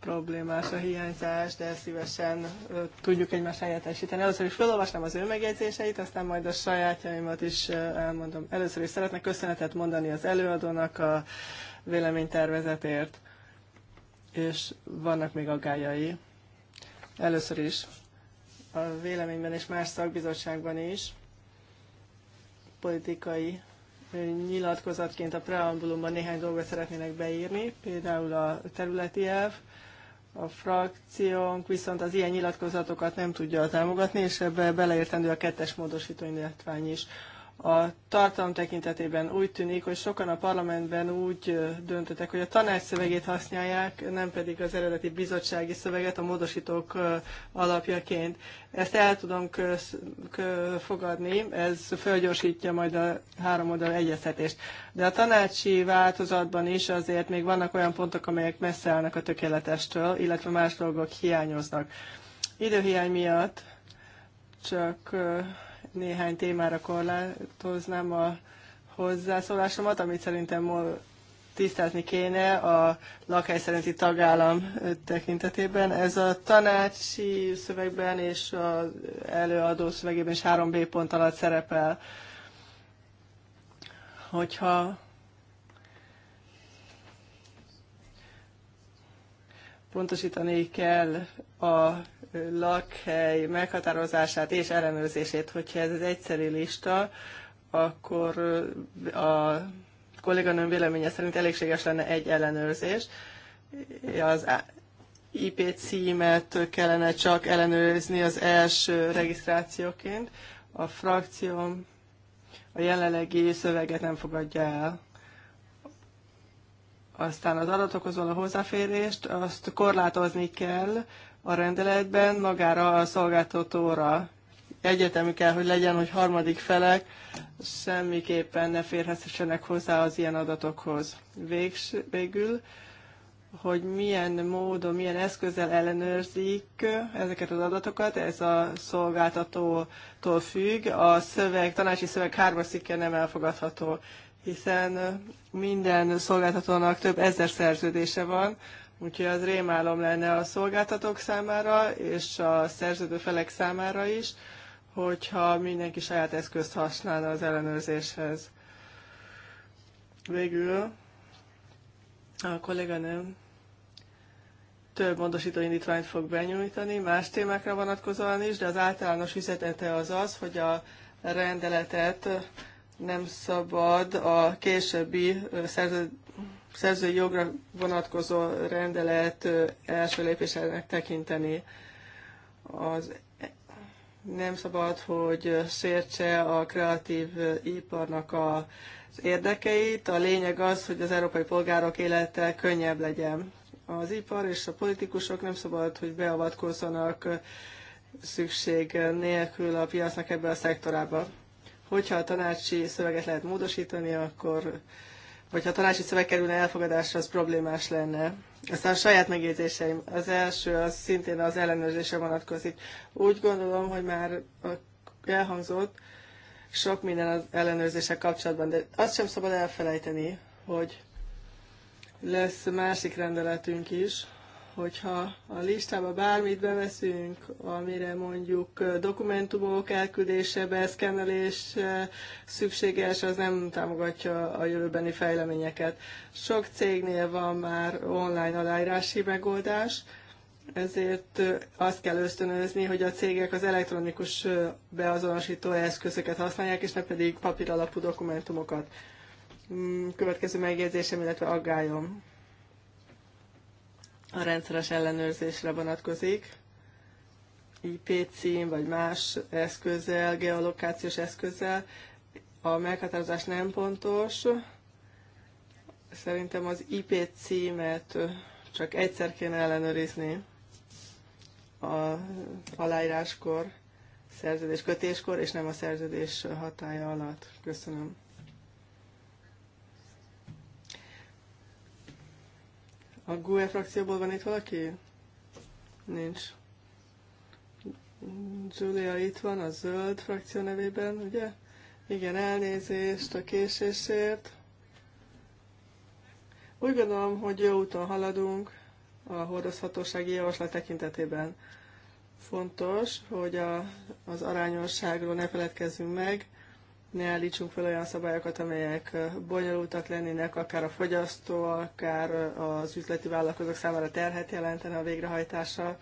problémás a hiányzás, de szívesen ö, tudjuk egymást helyettesíteni. Először is felolvasnám az ő megjegyzéseit, aztán majd a sajátjaimat is ö, elmondom. Először is szeretnék köszönetet mondani az előadónak a véleménytervezetért, és vannak még aggájai. Először is a véleményben és más szakbizottságban is politikai nyilatkozatként a preambulumban néhány dolgot szeretnének beírni, például a területi elv. A frakciónk viszont az ilyen nyilatkozatokat nem tudja támogatni, és ebbe beleértendő a kettes módosító indítvány is. A tartalom tekintetében úgy tűnik, hogy sokan a parlamentben úgy döntöttek, hogy a tanács szövegét használják, nem pedig az eredeti bizottsági szöveget a módosítók alapjaként. Ezt el tudom köz, kö, fogadni, ez fölgyorsítja majd a három oldal egyeztetést. De a tanácsi változatban is azért még vannak olyan pontok, amelyek messze állnak a tökéletestől, illetve más dolgok hiányoznak. Időhiány miatt csak néhány témára korlátoznám a hozzászólásomat, amit szerintem tisztázni kéne a lakhely szerinti tagállam tekintetében. Ez a tanácsi szövegben és az előadó szövegében is 3B pont alatt szerepel. Hogyha pontosítani kell a lakhely meghatározását és ellenőrzését. Hogyha ez az egyszerű lista, akkor a kolléganőm véleménye szerint elégséges lenne egy ellenőrzés. Az IP címet kellene csak ellenőrizni az első regisztrációként. A frakcióm a jelenlegi szöveget nem fogadja el. Aztán az adatokhoz való hozzáférést, azt korlátozni kell a rendeletben magára a szolgáltatóra. Egyetemű kell, hogy legyen, hogy harmadik felek semmiképpen ne férhessenek hozzá az ilyen adatokhoz. Végs, végül hogy milyen módon, milyen eszközzel ellenőrzik ezeket az adatokat, ez a szolgáltatótól függ. A szöveg, tanácsi szöveg hármas nem elfogadható hiszen minden szolgáltatónak több ezer szerződése van, úgyhogy az rémálom lenne a szolgáltatók számára és a szerződő felek számára is, hogyha mindenki saját eszközt használna az ellenőrzéshez. Végül a kolléganőm több módosító indítványt fog benyújtani, más témákra vonatkozóan is, de az általános üzetete az az, hogy a rendeletet nem szabad a későbbi szerző, szerzői jogra vonatkozó rendelet első lépésének tekinteni. Az nem szabad, hogy sértse a kreatív iparnak az érdekeit. A lényeg az, hogy az európai polgárok élete könnyebb legyen. Az ipar és a politikusok nem szabad, hogy beavatkozzanak szükség nélkül a piacnak ebbe a szektorába. Hogyha a tanácsi szöveget lehet módosítani, akkor ha a tanácsi szöveg kerülne elfogadásra, az problémás lenne. Aztán a saját megjegyzéseim. Az első, az szintén az ellenőrzése vonatkozik. Úgy gondolom, hogy már elhangzott sok minden az ellenőrzéssel kapcsolatban, de azt sem szabad elfelejteni, hogy lesz másik rendeletünk is, hogyha a listába bármit beveszünk, amire mondjuk dokumentumok elküldése, beszkennelés szükséges, az nem támogatja a jövőbeni fejleményeket. Sok cégnél van már online aláírási megoldás, ezért azt kell ösztönözni, hogy a cégek az elektronikus beazonosító eszközöket használják, és ne pedig papíralapú dokumentumokat. Mm, következő megjegyzésem, illetve aggályom a rendszeres ellenőrzésre vonatkozik, IP cím vagy más eszközzel, geolokációs eszközzel. A meghatározás nem pontos. Szerintem az IP címet csak egyszer kéne ellenőrizni a aláíráskor, szerződés kötéskor, és nem a szerződés hatája alatt. Köszönöm. A GUE frakcióból van itt valaki? Nincs. Julia itt van a zöld frakció nevében, ugye? Igen, elnézést a késésért. Úgy gondolom, hogy jó úton haladunk a hordozhatósági javaslat tekintetében. Fontos, hogy a, az arányosságról ne feledkezzünk meg, ne állítsunk fel olyan szabályokat, amelyek bonyolultak lennének, akár a fogyasztó, akár az üzleti vállalkozók számára terhet jelentene a végrehajtása,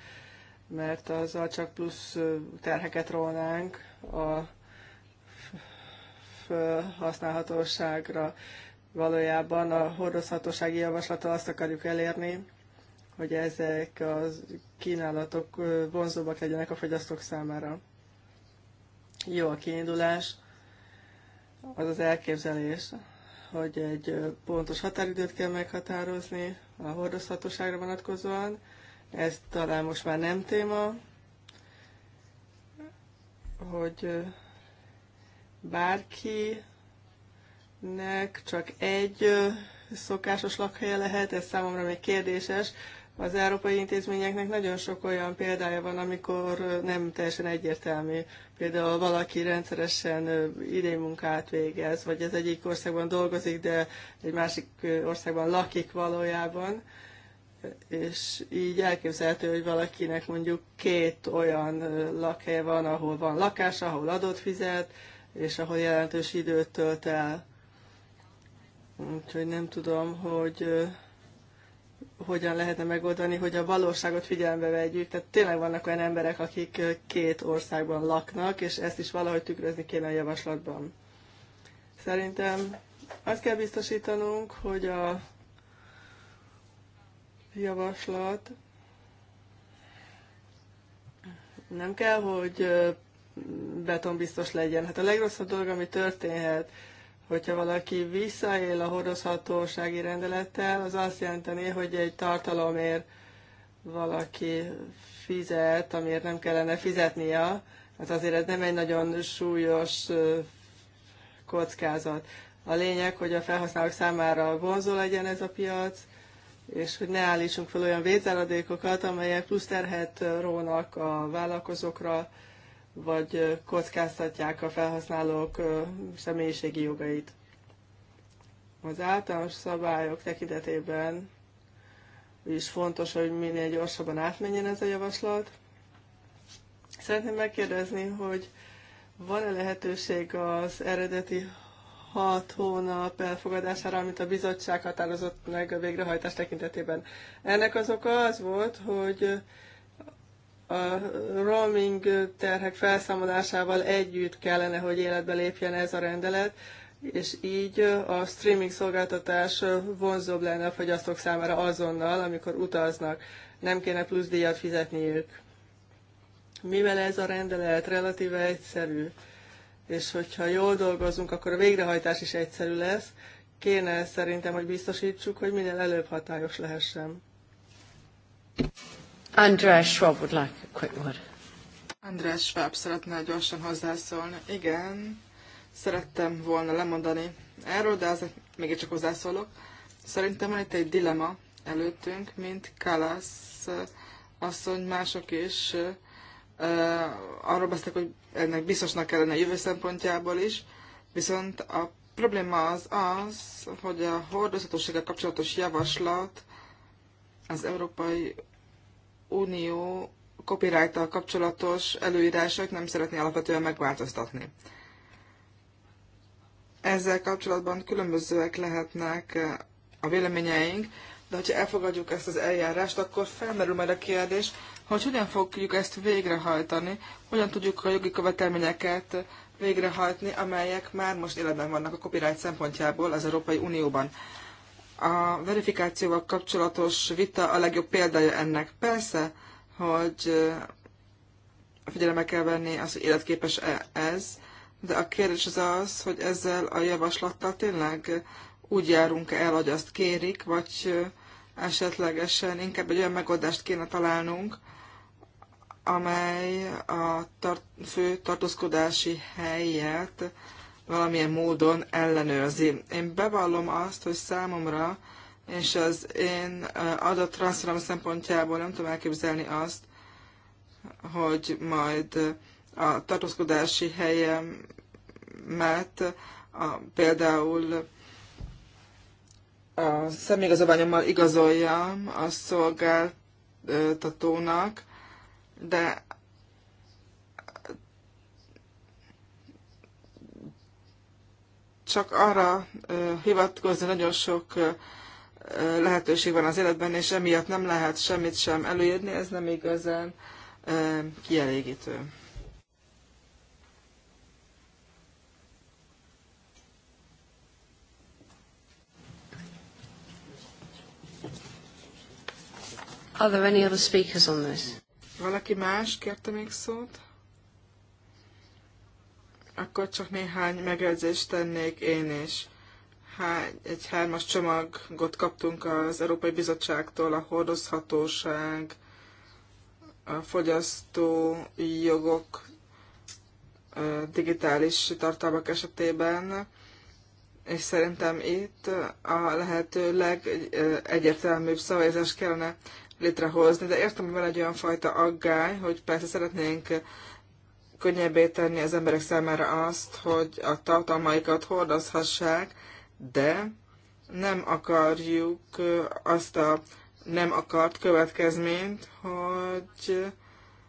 mert azzal csak plusz terheket rólnánk a felhasználhatóságra. Valójában a hordozhatósági javaslata azt akarjuk elérni, hogy ezek a kínálatok vonzóbbak legyenek a fogyasztók számára. Jó a kiindulás az az elképzelés, hogy egy pontos határidőt kell meghatározni a hordozhatóságra vonatkozóan. Ez talán most már nem téma, hogy bárkinek csak egy szokásos lakhelye lehet, ez számomra még kérdéses, az európai intézményeknek nagyon sok olyan példája van, amikor nem teljesen egyértelmű. Például valaki rendszeresen idén munkát végez, vagy az egyik országban dolgozik, de egy másik országban lakik valójában és így elképzelhető, hogy valakinek mondjuk két olyan lakhelye van, ahol van lakás, ahol adott fizet, és ahol jelentős időt tölt el. Úgyhogy nem tudom, hogy hogyan lehetne megoldani, hogy a valóságot figyelembe vegyük. Tehát tényleg vannak olyan emberek, akik két országban laknak, és ezt is valahogy tükrözni kéne a javaslatban. Szerintem azt kell biztosítanunk, hogy a javaslat nem kell, hogy beton biztos legyen. Hát a legrosszabb dolog, ami történhet, Hogyha valaki visszaél a hordozhatósági rendelettel, az azt jelenteni, hogy egy tartalomért valaki fizet, amiért nem kellene fizetnia, hát azért ez nem egy nagyon súlyos kockázat. A lényeg, hogy a felhasználók számára vonzó legyen ez a piac, és hogy ne állítsunk fel olyan védzáradékokat, amelyek plusz terhet rónak a vállalkozókra, vagy kockáztatják a felhasználók személyiségi jogait. Az általános szabályok tekintetében is fontos, hogy minél gyorsabban átmenjen ez a javaslat. Szeretném megkérdezni, hogy van-e lehetőség az eredeti hat hónap elfogadására, amit a bizottság határozott meg a végrehajtás tekintetében. Ennek az oka az volt, hogy a roaming terhek felszámolásával együtt kellene, hogy életbe lépjen ez a rendelet, és így a streaming szolgáltatás vonzóbb lenne a fogyasztók számára azonnal, amikor utaznak. Nem kéne plusz díjat fizetniük. Mivel ez a rendelet relatíve egyszerű, és hogyha jól dolgozunk, akkor a végrehajtás is egyszerű lesz, kéne szerintem, hogy biztosítsuk, hogy minél előbb hatályos lehessen. András Schwab would like a quick word. András Schwab szeretne gyorsan hozzászólni. Igen, szerettem volna lemondani erről, de azért csak hozzászólok. Szerintem van itt egy dilema előttünk, mint Kalász asszony, mások is arról beszéltek, hogy ennek biztosnak kellene a jövő szempontjából is, viszont a probléma az az, hogy a hordozhatósággal kapcsolatos javaslat az Európai Unió copyright kapcsolatos előírások nem szeretné alapvetően megváltoztatni. Ezzel kapcsolatban különbözőek lehetnek a véleményeink, de hogyha elfogadjuk ezt az eljárást, akkor felmerül majd a kérdés, hogy hogyan fogjuk ezt végrehajtani, hogyan tudjuk a jogi követelményeket végrehajtni, amelyek már most életben vannak a copyright szempontjából az Európai Unióban. A verifikációval kapcsolatos vita a legjobb példája ennek. Persze, hogy eh, figyelembe kell venni az, hogy életképes -e ez, de a kérdés az az, hogy ezzel a javaslattal tényleg úgy járunk el, hogy azt kérik, vagy eh, esetlegesen inkább egy olyan megoldást kéne találnunk, amely a tar- fő tartózkodási helyet valamilyen módon ellenőrzi. Én bevallom azt, hogy számomra és az én eh, adattranszferem szempontjából nem tudom elképzelni azt, hogy majd eh, a tartózkodási helyemet a, például eh, a személyigazolványommal igazoljam a szolgáltatónak, de csak arra hivatkozni nagyon sok lehetőség van az életben, és emiatt nem lehet semmit sem előírni, ez nem igazán kielégítő. Are there any other speakers on this? Valaki más kérte még szót? akkor csak néhány megjegyzést tennék én is. Hány, egy hármas csomagot kaptunk az Európai Bizottságtól a hordozhatóság, a fogyasztó jogok digitális tartalmak esetében, és szerintem itt a lehető legegyértelműbb szavazást kellene létrehozni, de értem, hogy van egy olyan fajta aggály, hogy persze szeretnénk könnyebbé tenni az emberek számára azt, hogy a tartalmaikat hordozhassák, de nem akarjuk azt a nem akart következményt, hogy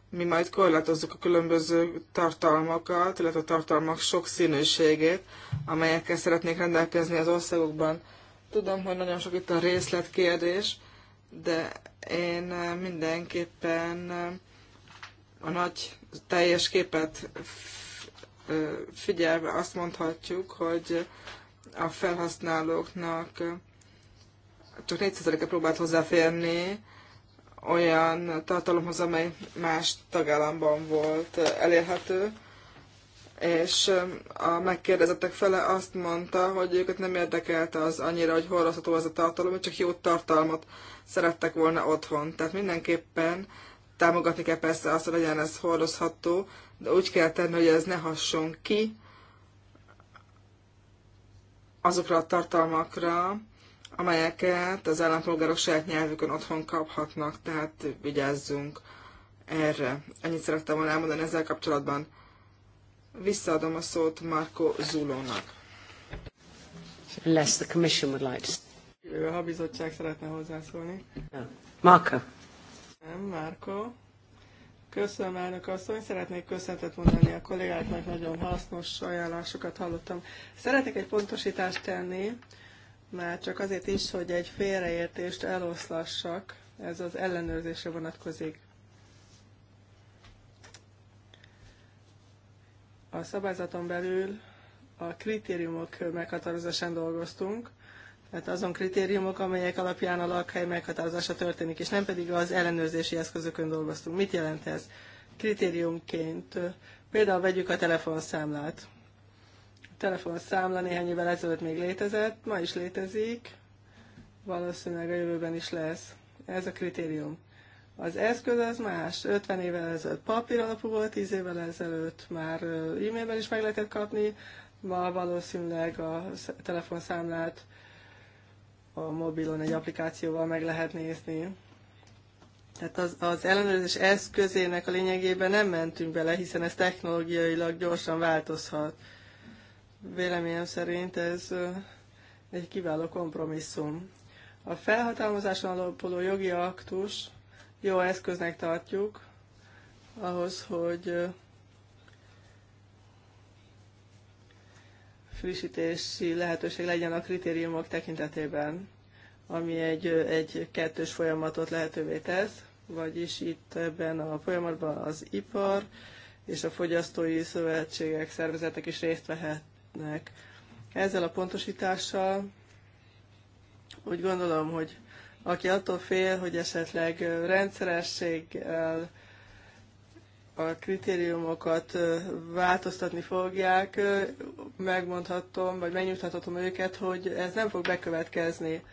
mi majd korlátozzuk a különböző tartalmakat, illetve a tartalmak sok színűségét, amelyekkel szeretnék rendelkezni az országokban. Tudom, hogy nagyon sok itt a részletkérdés, de én mindenképpen a nagy teljes képet figyelve azt mondhatjuk, hogy a felhasználóknak csak 4%-e próbált hozzáférni olyan tartalomhoz, amely más tagállamban volt elérhető, és a megkérdezettek fele azt mondta, hogy őket nem érdekelte az annyira, hogy hol az a tartalom, csak jó tartalmat szerettek volna otthon. Tehát mindenképpen Támogatni kell persze azt, hogy legyen ez hordozható, de úgy kell tenni, hogy ez ne hasson ki azokra a tartalmakra, amelyeket az állampolgárok saját nyelvükön otthon kaphatnak, tehát vigyázzunk erre. Ennyit szerettem volna elmondani ezzel kapcsolatban. Visszaadom a szót Marco Zulónak. Unless the commission would like to... a bizottság szeretne hozzászólni. Oh. Marco. Nem, Márko. Köszönöm, elnök asszony. Szeretnék köszöntet mondani a kollégáknak, nagyon hasznos ajánlásokat hallottam. Szeretnék egy pontosítást tenni, már csak azért is, hogy egy félreértést eloszlassak, ez az ellenőrzésre vonatkozik. A szabályzaton belül a kritériumok meghatározásán dolgoztunk, tehát azon kritériumok, amelyek alapján a lakhely meghatározása történik, és nem pedig az ellenőrzési eszközökön dolgoztunk. Mit jelent ez? Kritériumként például vegyük a telefonszámlát. A telefonszámla néhány évvel ezelőtt még létezett, ma is létezik, valószínűleg a jövőben is lesz. Ez a kritérium. Az eszköz az más. 50 évvel ezelőtt papír alapú volt, 10 évvel ezelőtt már e-mailben is meg lehetett kapni, ma valószínűleg a telefonszámlát a mobilon egy applikációval meg lehet nézni. Tehát az, az ellenőrzés eszközének a lényegében nem mentünk bele, hiszen ez technológiailag gyorsan változhat. Véleményem szerint ez egy kiváló kompromisszum. A felhatalmazáson alapuló jogi aktus jó eszköznek tartjuk ahhoz, hogy frissítési lehetőség legyen a kritériumok tekintetében, ami egy, egy kettős folyamatot lehetővé tesz, vagyis itt ebben a folyamatban az ipar és a fogyasztói szövetségek, szervezetek is részt vehetnek. Ezzel a pontosítással úgy gondolom, hogy aki attól fél, hogy esetleg rendszerességgel a kritériumokat változtatni fogják, megmondhatom, vagy megnyugtathatom őket, hogy ez nem fog bekövetkezni,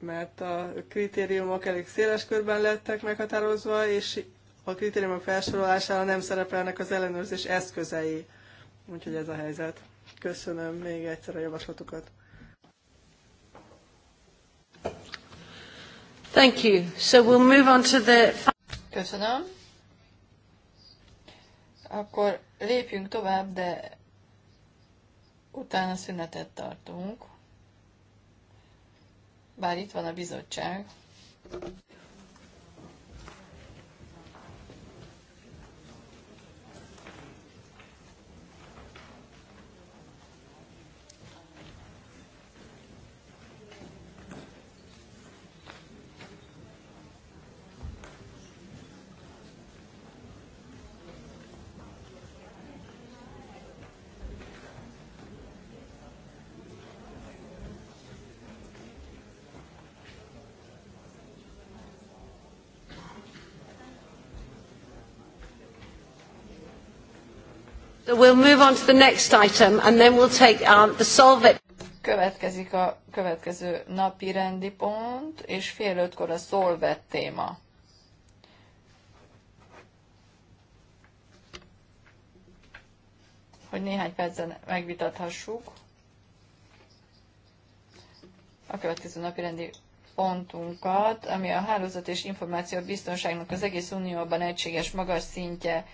mert a kritériumok elég széles körben lettek meghatározva, és a kritériumok felsorolására nem szerepelnek az ellenőrzés eszközei. Úgyhogy ez a helyzet. Köszönöm még egyszer a javaslatokat. Thank you. So we'll move on to the... Köszönöm akkor lépjünk tovább, de utána szünetet tartunk. Bár itt van a bizottság. We'll move on to the next item, and then we'll take um, the solvent. Következik a következő napi rendi pont, és fél ötkor a szolvett téma. Hogy néhány percen megvitathassuk. A következő napi rendi pontunkat, ami a hálózat és információ biztonságnak az egész unióban egységes magas szintje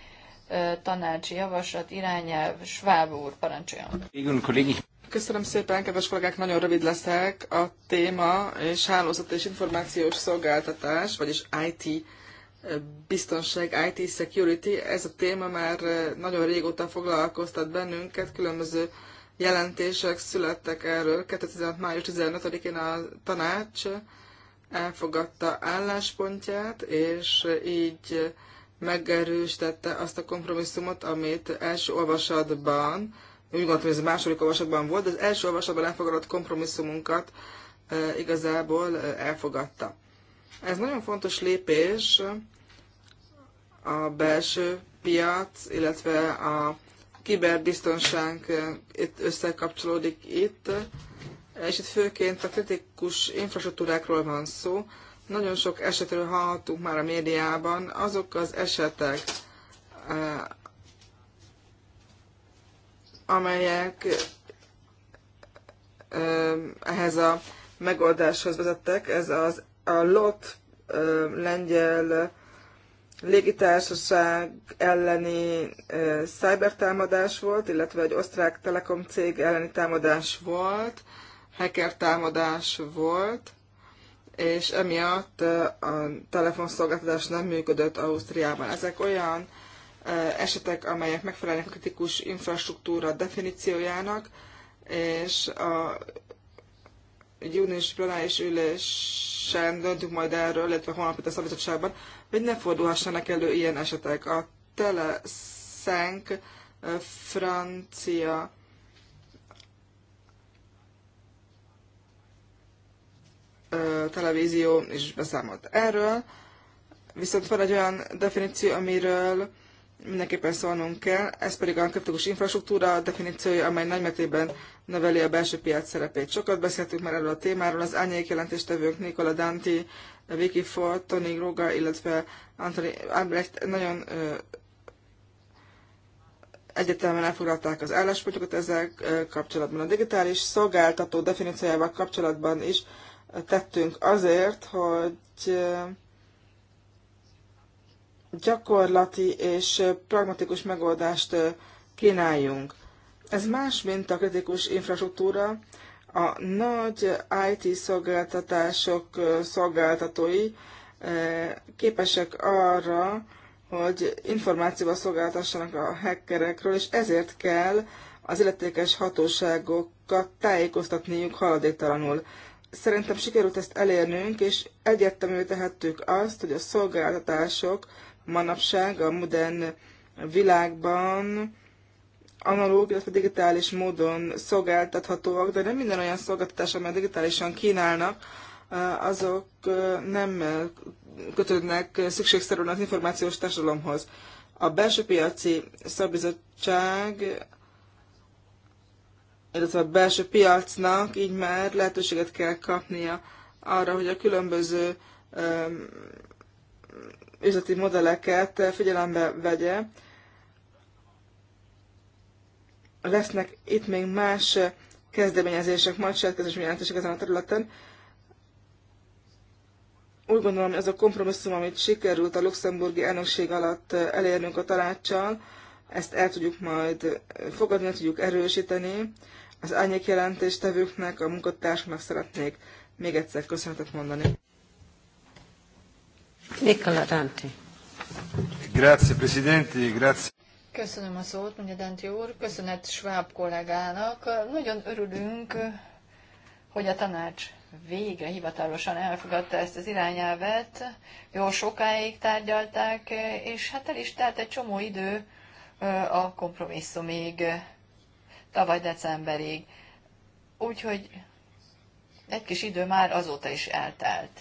tanácsi javaslat, irányelv, Schwab úr, parancsoljon. Köszönöm szépen, kedves kollégák, nagyon rövid leszek. A téma és hálózat és információs szolgáltatás, vagyis IT biztonság, IT security, ez a téma már nagyon régóta foglalkoztat bennünket, különböző jelentések születtek erről. 2016. május 15-én a tanács elfogadta álláspontját, és így megerősítette azt a kompromisszumot, amit első olvasatban, úgy gondoltam, hogy ez a második olvasatban volt, de az első olvasatban elfogadott kompromisszumunkat e, igazából e, elfogadta. Ez nagyon fontos lépés a belső piac, illetve a kiberbiztonság e, itt összekapcsolódik itt, e, és itt főként a kritikus infrastruktúrákról van szó, nagyon sok esetről hallhattunk már a médiában. Azok az esetek, eh, amelyek eh, ehhez a megoldáshoz vezettek, ez az a LOT eh, lengyel légitársaság elleni cybertámadás volt, illetve egy osztrák telekom cég elleni támadás volt, hacker támadás volt és emiatt a telefonszolgáltatás nem működött Ausztriában. Ezek olyan esetek, amelyek megfelelnek a kritikus infrastruktúra definíciójának, és a június plenáris ülésen döntünk majd erről, illetve holnap itt a szabadságban, hogy ne fordulhassanak elő ilyen esetek. A Teleszenk francia televízió is beszámolt erről, viszont van egy olyan definíció, amiről mindenképpen szólnunk kell, ez pedig a kriptikus infrastruktúra definíciója, amely nagymetében növeli a belső piac szerepét. Sokat beszéltünk már erről a témáról, az ányék jelentéstevők Nikola Danti, Vicky Ford, Tony Groga, illetve Anthony Albrecht nagyon ö, egyetemen elfoglalták az álláspontjukat ezzel kapcsolatban. A digitális szolgáltató definíciójával kapcsolatban is tettünk azért, hogy eh, gyakorlati és eh, pragmatikus megoldást eh, kínáljunk. Ez más, mint a kritikus infrastruktúra. A nagy IT szolgáltatások szolgáltatói képesek arra, hogy információval szolgáltassanak a hackerekről, és ezért kell az illetékes hatóságokat tájékoztatniuk haladéktalanul. Szerintem sikerült ezt elérnünk, és egyértelművé tehettük azt, hogy a szolgáltatások manapság a modern világban analóg, illetve digitális módon szolgáltathatóak, de nem minden olyan szolgáltatás, amely digitálisan kínálnak, eh, azok eh, nem eh, kötődnek szükségszerűen az információs társadalomhoz. A belső piaci szabizottság illetve a belső piacnak így már lehetőséget kell kapnia arra, hogy a különböző üzleti modelleket figyelembe vegye. Lesznek itt még más kezdeményezések, majd sejtkezés jelentések ezen a területen. Úgy gondolom, hogy az a kompromisszum, amit sikerült a luxemburgi elnökség alatt elérnünk a tanácssal, ezt el tudjuk majd fogadni, el tudjuk erősíteni, az árnyék jelentéstevőknek, a munkatársnak szeretnék még egyszer köszönetet mondani. Nicola Danti. Grazie, Presidente, grazie. Köszönöm a szót, mondja Danti úr. Köszönet Schwab kollégának. Nagyon örülünk, hogy a tanács végre hivatalosan elfogadta ezt az irányelvet. Jó sokáig tárgyalták, és hát el is telt egy csomó idő a kompromisszumig tavaly decemberig. Úgyhogy egy kis idő már azóta is eltelt.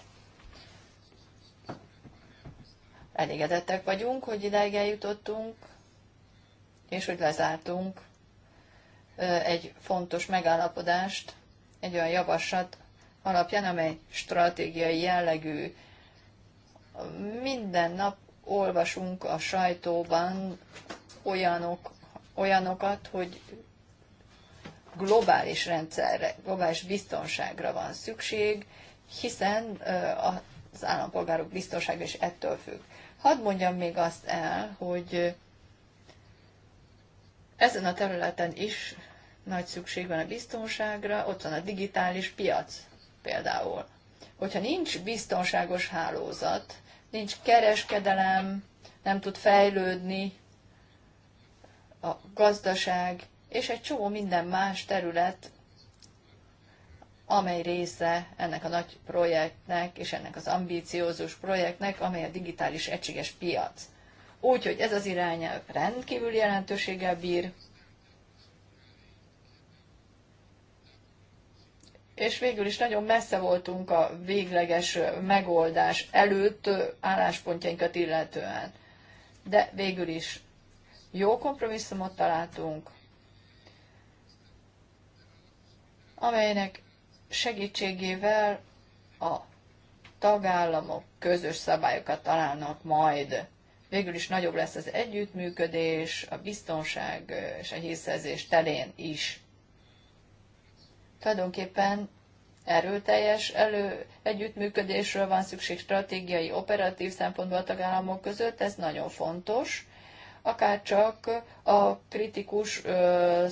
Elégedettek vagyunk, hogy ideig eljutottunk, és hogy lezártunk egy fontos megállapodást, egy olyan javaslat alapján, amely stratégiai jellegű. Minden nap olvasunk a sajtóban olyanok, olyanokat, hogy globális rendszerre, globális biztonságra van szükség, hiszen az állampolgárok biztonsága is ettől függ. Hadd mondjam még azt el, hogy ezen a területen is nagy szükség van a biztonságra, ott van a digitális piac például. Hogyha nincs biztonságos hálózat, nincs kereskedelem, nem tud fejlődni a gazdaság, és egy csomó minden más terület, amely része ennek a nagy projektnek és ennek az ambíciózus projektnek, amely a digitális egységes piac. Úgyhogy ez az irányelv rendkívül jelentőséggel bír, és végül is nagyon messze voltunk a végleges megoldás előtt álláspontjainkat illetően. De végül is jó kompromisszumot találtunk, amelynek segítségével a tagállamok közös szabályokat találnak majd. Végül is nagyobb lesz az együttműködés, a biztonság és a hírszerzés terén is. Tulajdonképpen erőteljes elő együttműködésről van szükség stratégiai, operatív szempontból a tagállamok között, ez nagyon fontos, akár csak a kritikus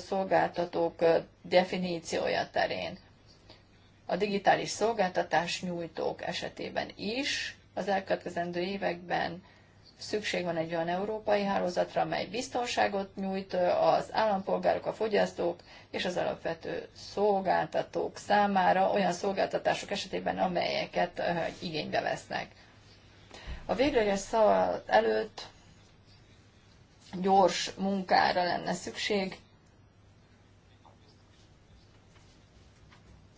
szolgáltatók definíciója terén. A digitális szolgáltatás nyújtók esetében is az elkövetkezendő években szükség van egy olyan európai hálózatra, amely biztonságot nyújt az állampolgárok, a fogyasztók és az alapvető szolgáltatók számára olyan szolgáltatások esetében, amelyeket igénybe vesznek. A végleges szava előtt gyors munkára lenne szükség,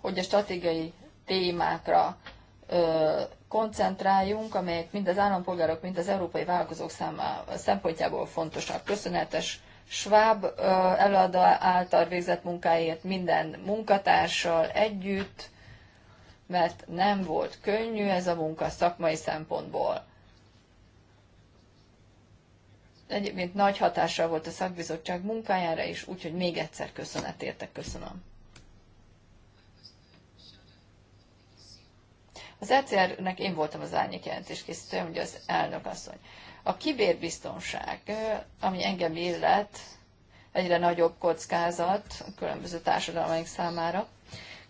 hogy a stratégiai témákra ö, koncentráljunk, amelyek mind az állampolgárok, mind az európai vállalkozók számá, szempontjából fontosak. Köszönetes Schwab előadó által végzett munkáért minden munkatársal együtt, mert nem volt könnyű ez a munka szakmai szempontból egyébként nagy hatással volt a szakbizottság munkájára is, úgyhogy még egyszer köszönet értek, köszönöm. Az ECR-nek én voltam az árnyék jelentés készítője, ugye az elnök asszony. A kibérbiztonság, ami engem illet, egyre nagyobb kockázat a különböző társadalmaink számára,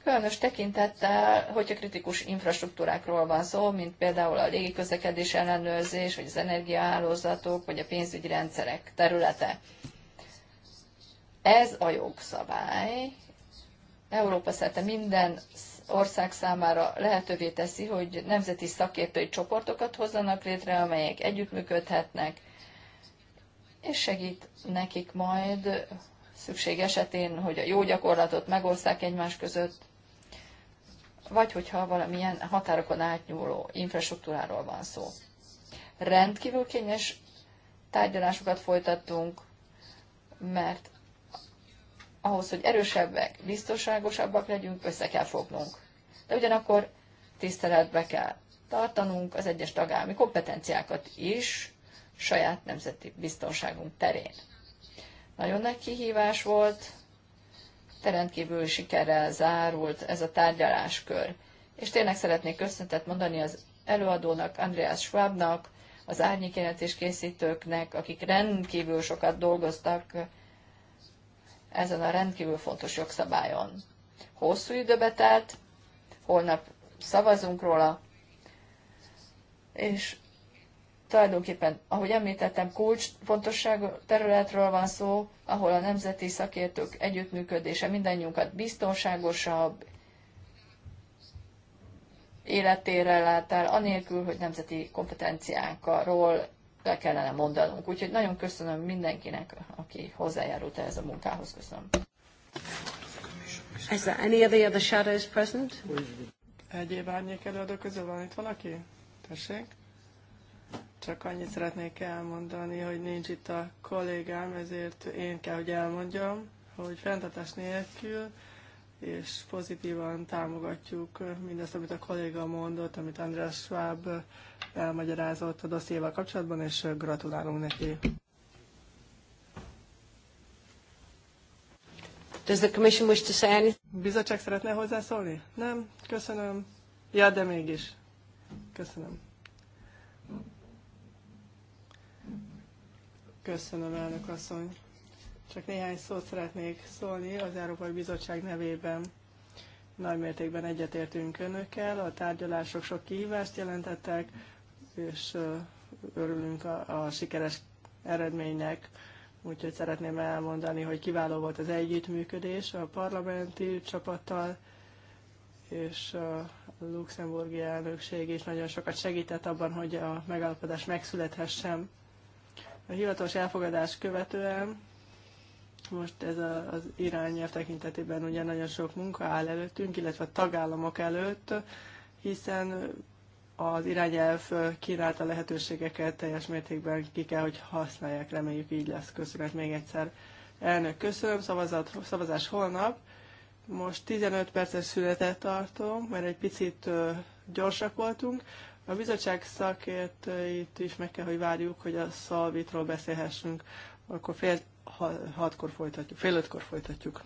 Különös tekintettel, hogyha kritikus infrastruktúrákról van szó, mint például a légiközlekedés ellenőrzés, vagy az energiahálózatok, vagy a pénzügyi rendszerek területe. Ez a jogszabály Európa szerte minden ország számára lehetővé teszi, hogy nemzeti szakértői csoportokat hozzanak létre, amelyek együttműködhetnek, és segít nekik majd szükség esetén, hogy a jó gyakorlatot megosszák egymás között, vagy hogyha valamilyen határokon átnyúló infrastruktúráról van szó. Rendkívül kényes tárgyalásokat folytattunk, mert ahhoz, hogy erősebbek, biztonságosabbak legyünk, össze kell fognunk. De ugyanakkor tiszteletbe kell tartanunk az egyes tagállami kompetenciákat is saját nemzeti biztonságunk terén. Nagyon nagy kihívás volt, de rendkívül sikerrel zárult ez a tárgyaláskör. És tényleg szeretnék köszöntet mondani az előadónak, Andreas Schwabnak, az árnyékjelentés készítőknek, akik rendkívül sokat dolgoztak ezen a rendkívül fontos jogszabályon. Hosszú időbe telt, holnap szavazunk róla, és Tulajdonképpen, ahogy említettem, kulcs fontosságú területről van szó, ahol a nemzeti szakértők együttműködése mindannyiunkat biztonságosabb életére lát el, anélkül, hogy nemzeti kompetenciánkról le kellene mondanunk. Úgyhogy nagyon köszönöm mindenkinek, aki hozzájárult ehhez a munkához. Köszönöm. Is there any other, other shadows present? Egyéb árnyék előadó közül van itt valaki? Tessék. Csak annyit szeretnék elmondani, hogy nincs itt a kollégám, ezért én kell, hogy elmondjam, hogy fenntartás nélkül és pozitívan támogatjuk mindazt, amit a kolléga mondott, amit András Schwab elmagyarázott a dossziéval kapcsolatban, és gratulálunk neki. Does the commission wish to say anything? Bizottság szeretne hozzászólni? Nem? Köszönöm. Ja, de mégis. Köszönöm. Köszönöm, elnök asszony. Csak néhány szót szeretnék szólni az Európai Bizottság nevében. Nagy mértékben egyetértünk önökkel, a tárgyalások sok kihívást jelentettek, és örülünk a, a sikeres eredménynek. Úgyhogy szeretném elmondani, hogy kiváló volt az együttműködés a parlamenti csapattal, és a luxemburgi elnökség is nagyon sokat segített abban, hogy a megállapodás megszülethessen. A hivatalos elfogadás követően most ez a, az irányelv tekintetében ugye nagyon sok munka áll előttünk, illetve a tagállamok előtt, hiszen az irányelv kínálta lehetőségeket teljes mértékben ki kell, hogy használják, reméljük így lesz. Köszönet még egyszer. Elnök, köszönöm, szavazat, szavazás holnap. Most 15 perces szünetet tartom, mert egy picit gyorsak voltunk. A bizottság szakértőit is meg kell, hogy várjuk, hogy a szalvitról beszélhessünk. Akkor fél hatkor folytatjuk, fél ötkor folytatjuk.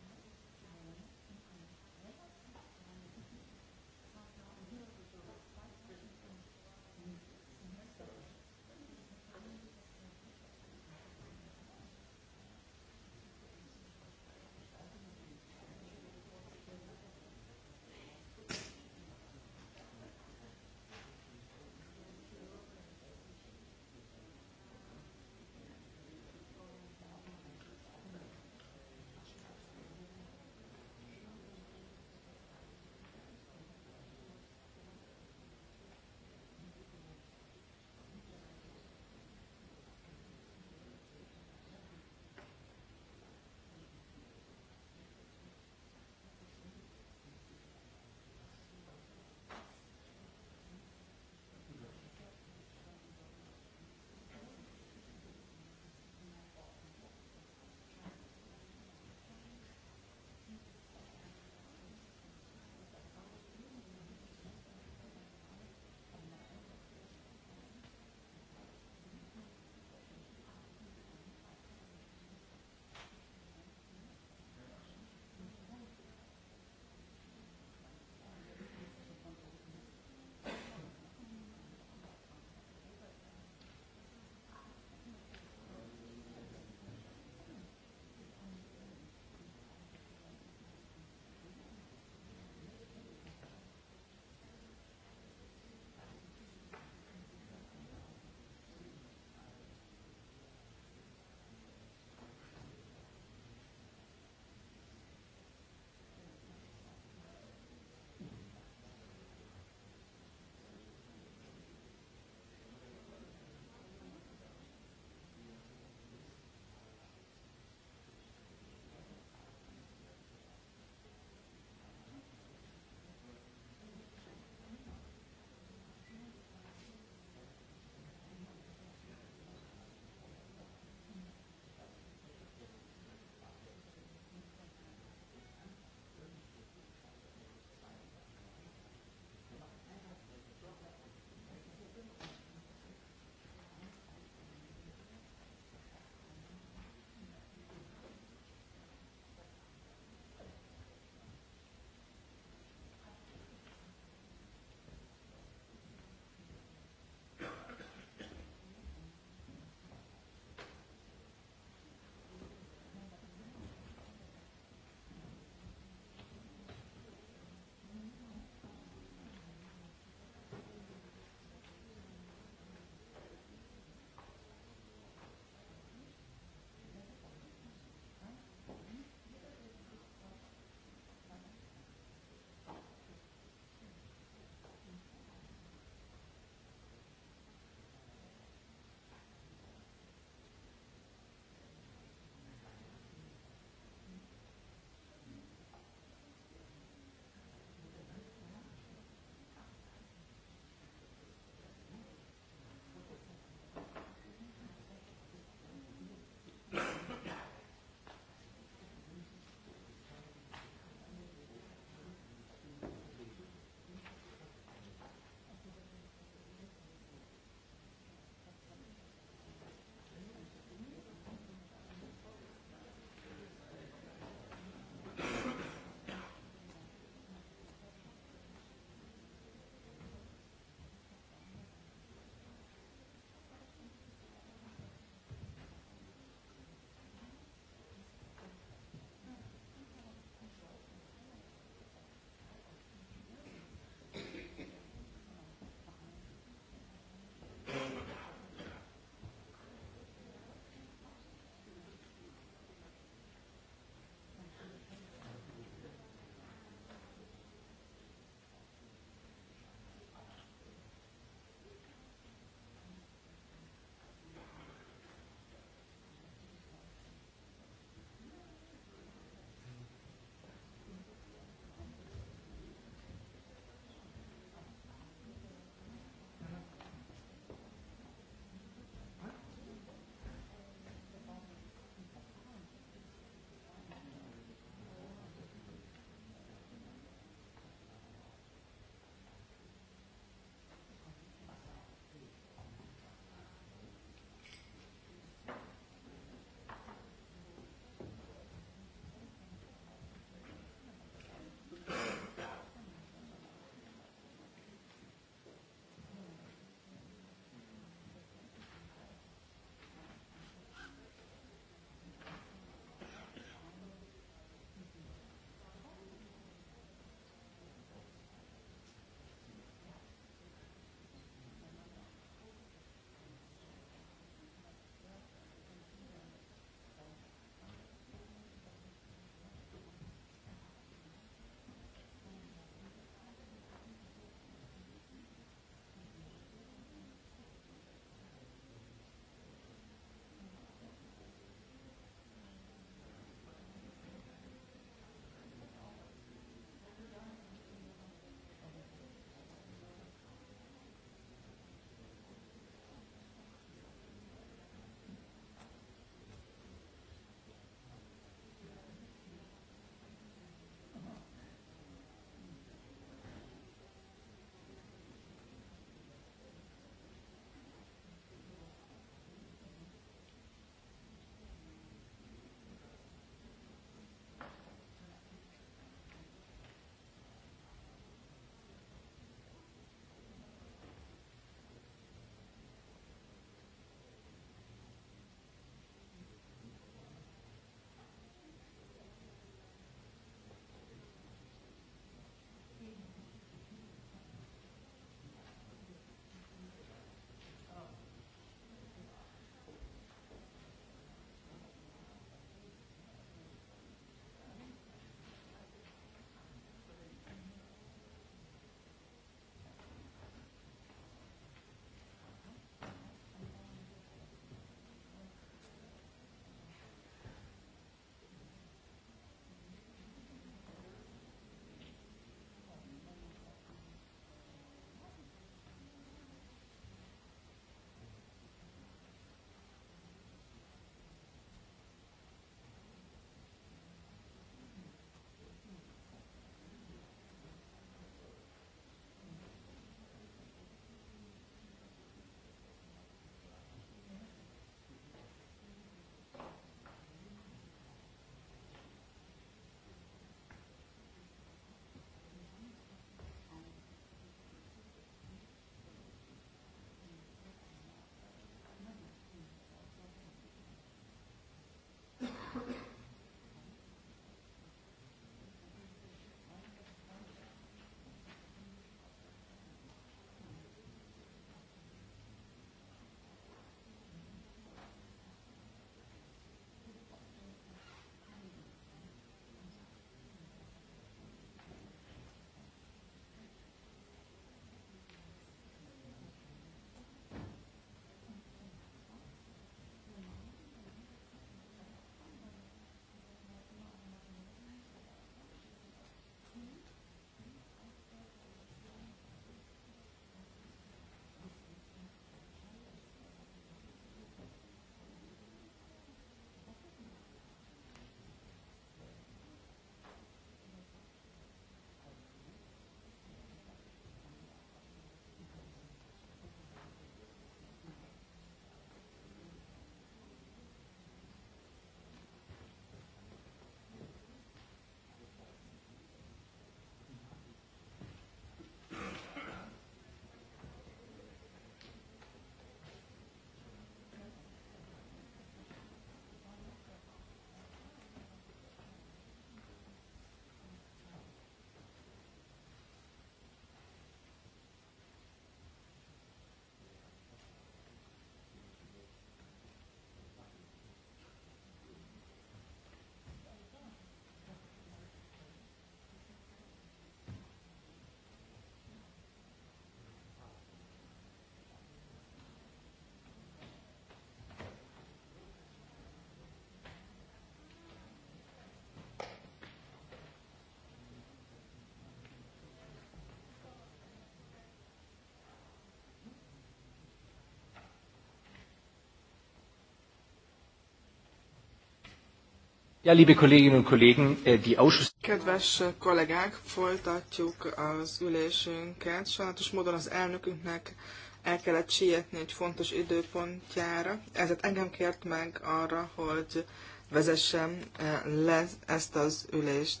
Ja, liebe Kolleginnen und Kollegen, äh, die Ausschuss... Kedves kollégák, folytatjuk az ülésünket. Sajnálatos módon az elnökünknek el kellett sietni egy fontos időpontjára. Ezért engem kért meg arra, hogy vezessem eh, le ezt az ülést.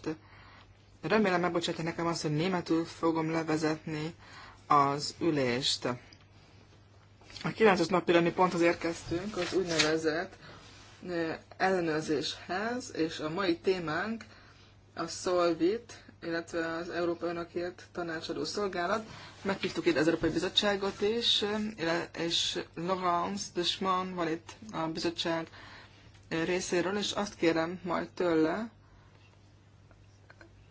Remélem megbocsátja nekem azt, hogy németül fogom levezetni az ülést. A 9. napi pont ponthoz érkeztünk, az úgynevezett ellenőrzéshez, és a mai témánk a Solvit, illetve az Európai Önökért Tanácsadó Szolgálat. Meghívtuk itt az Európai Bizottságot is, és Laurence Desman van itt a bizottság részéről, és azt kérem majd tőle,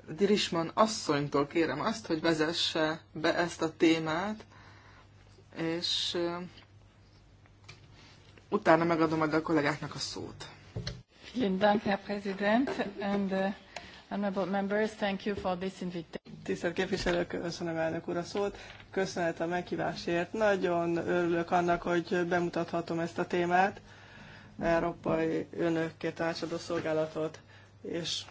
Dirisman asszonytól kérem azt, hogy vezesse be ezt a témát, és utána megadom majd a kollégáknak a szót. Uh, Tisztelt képviselők, köszönöm elnök úr a szót. Köszönet a meghívásért. Nagyon örülök annak, hogy bemutathatom ezt a témát, Európai Önökké Társadó Szolgálatot, és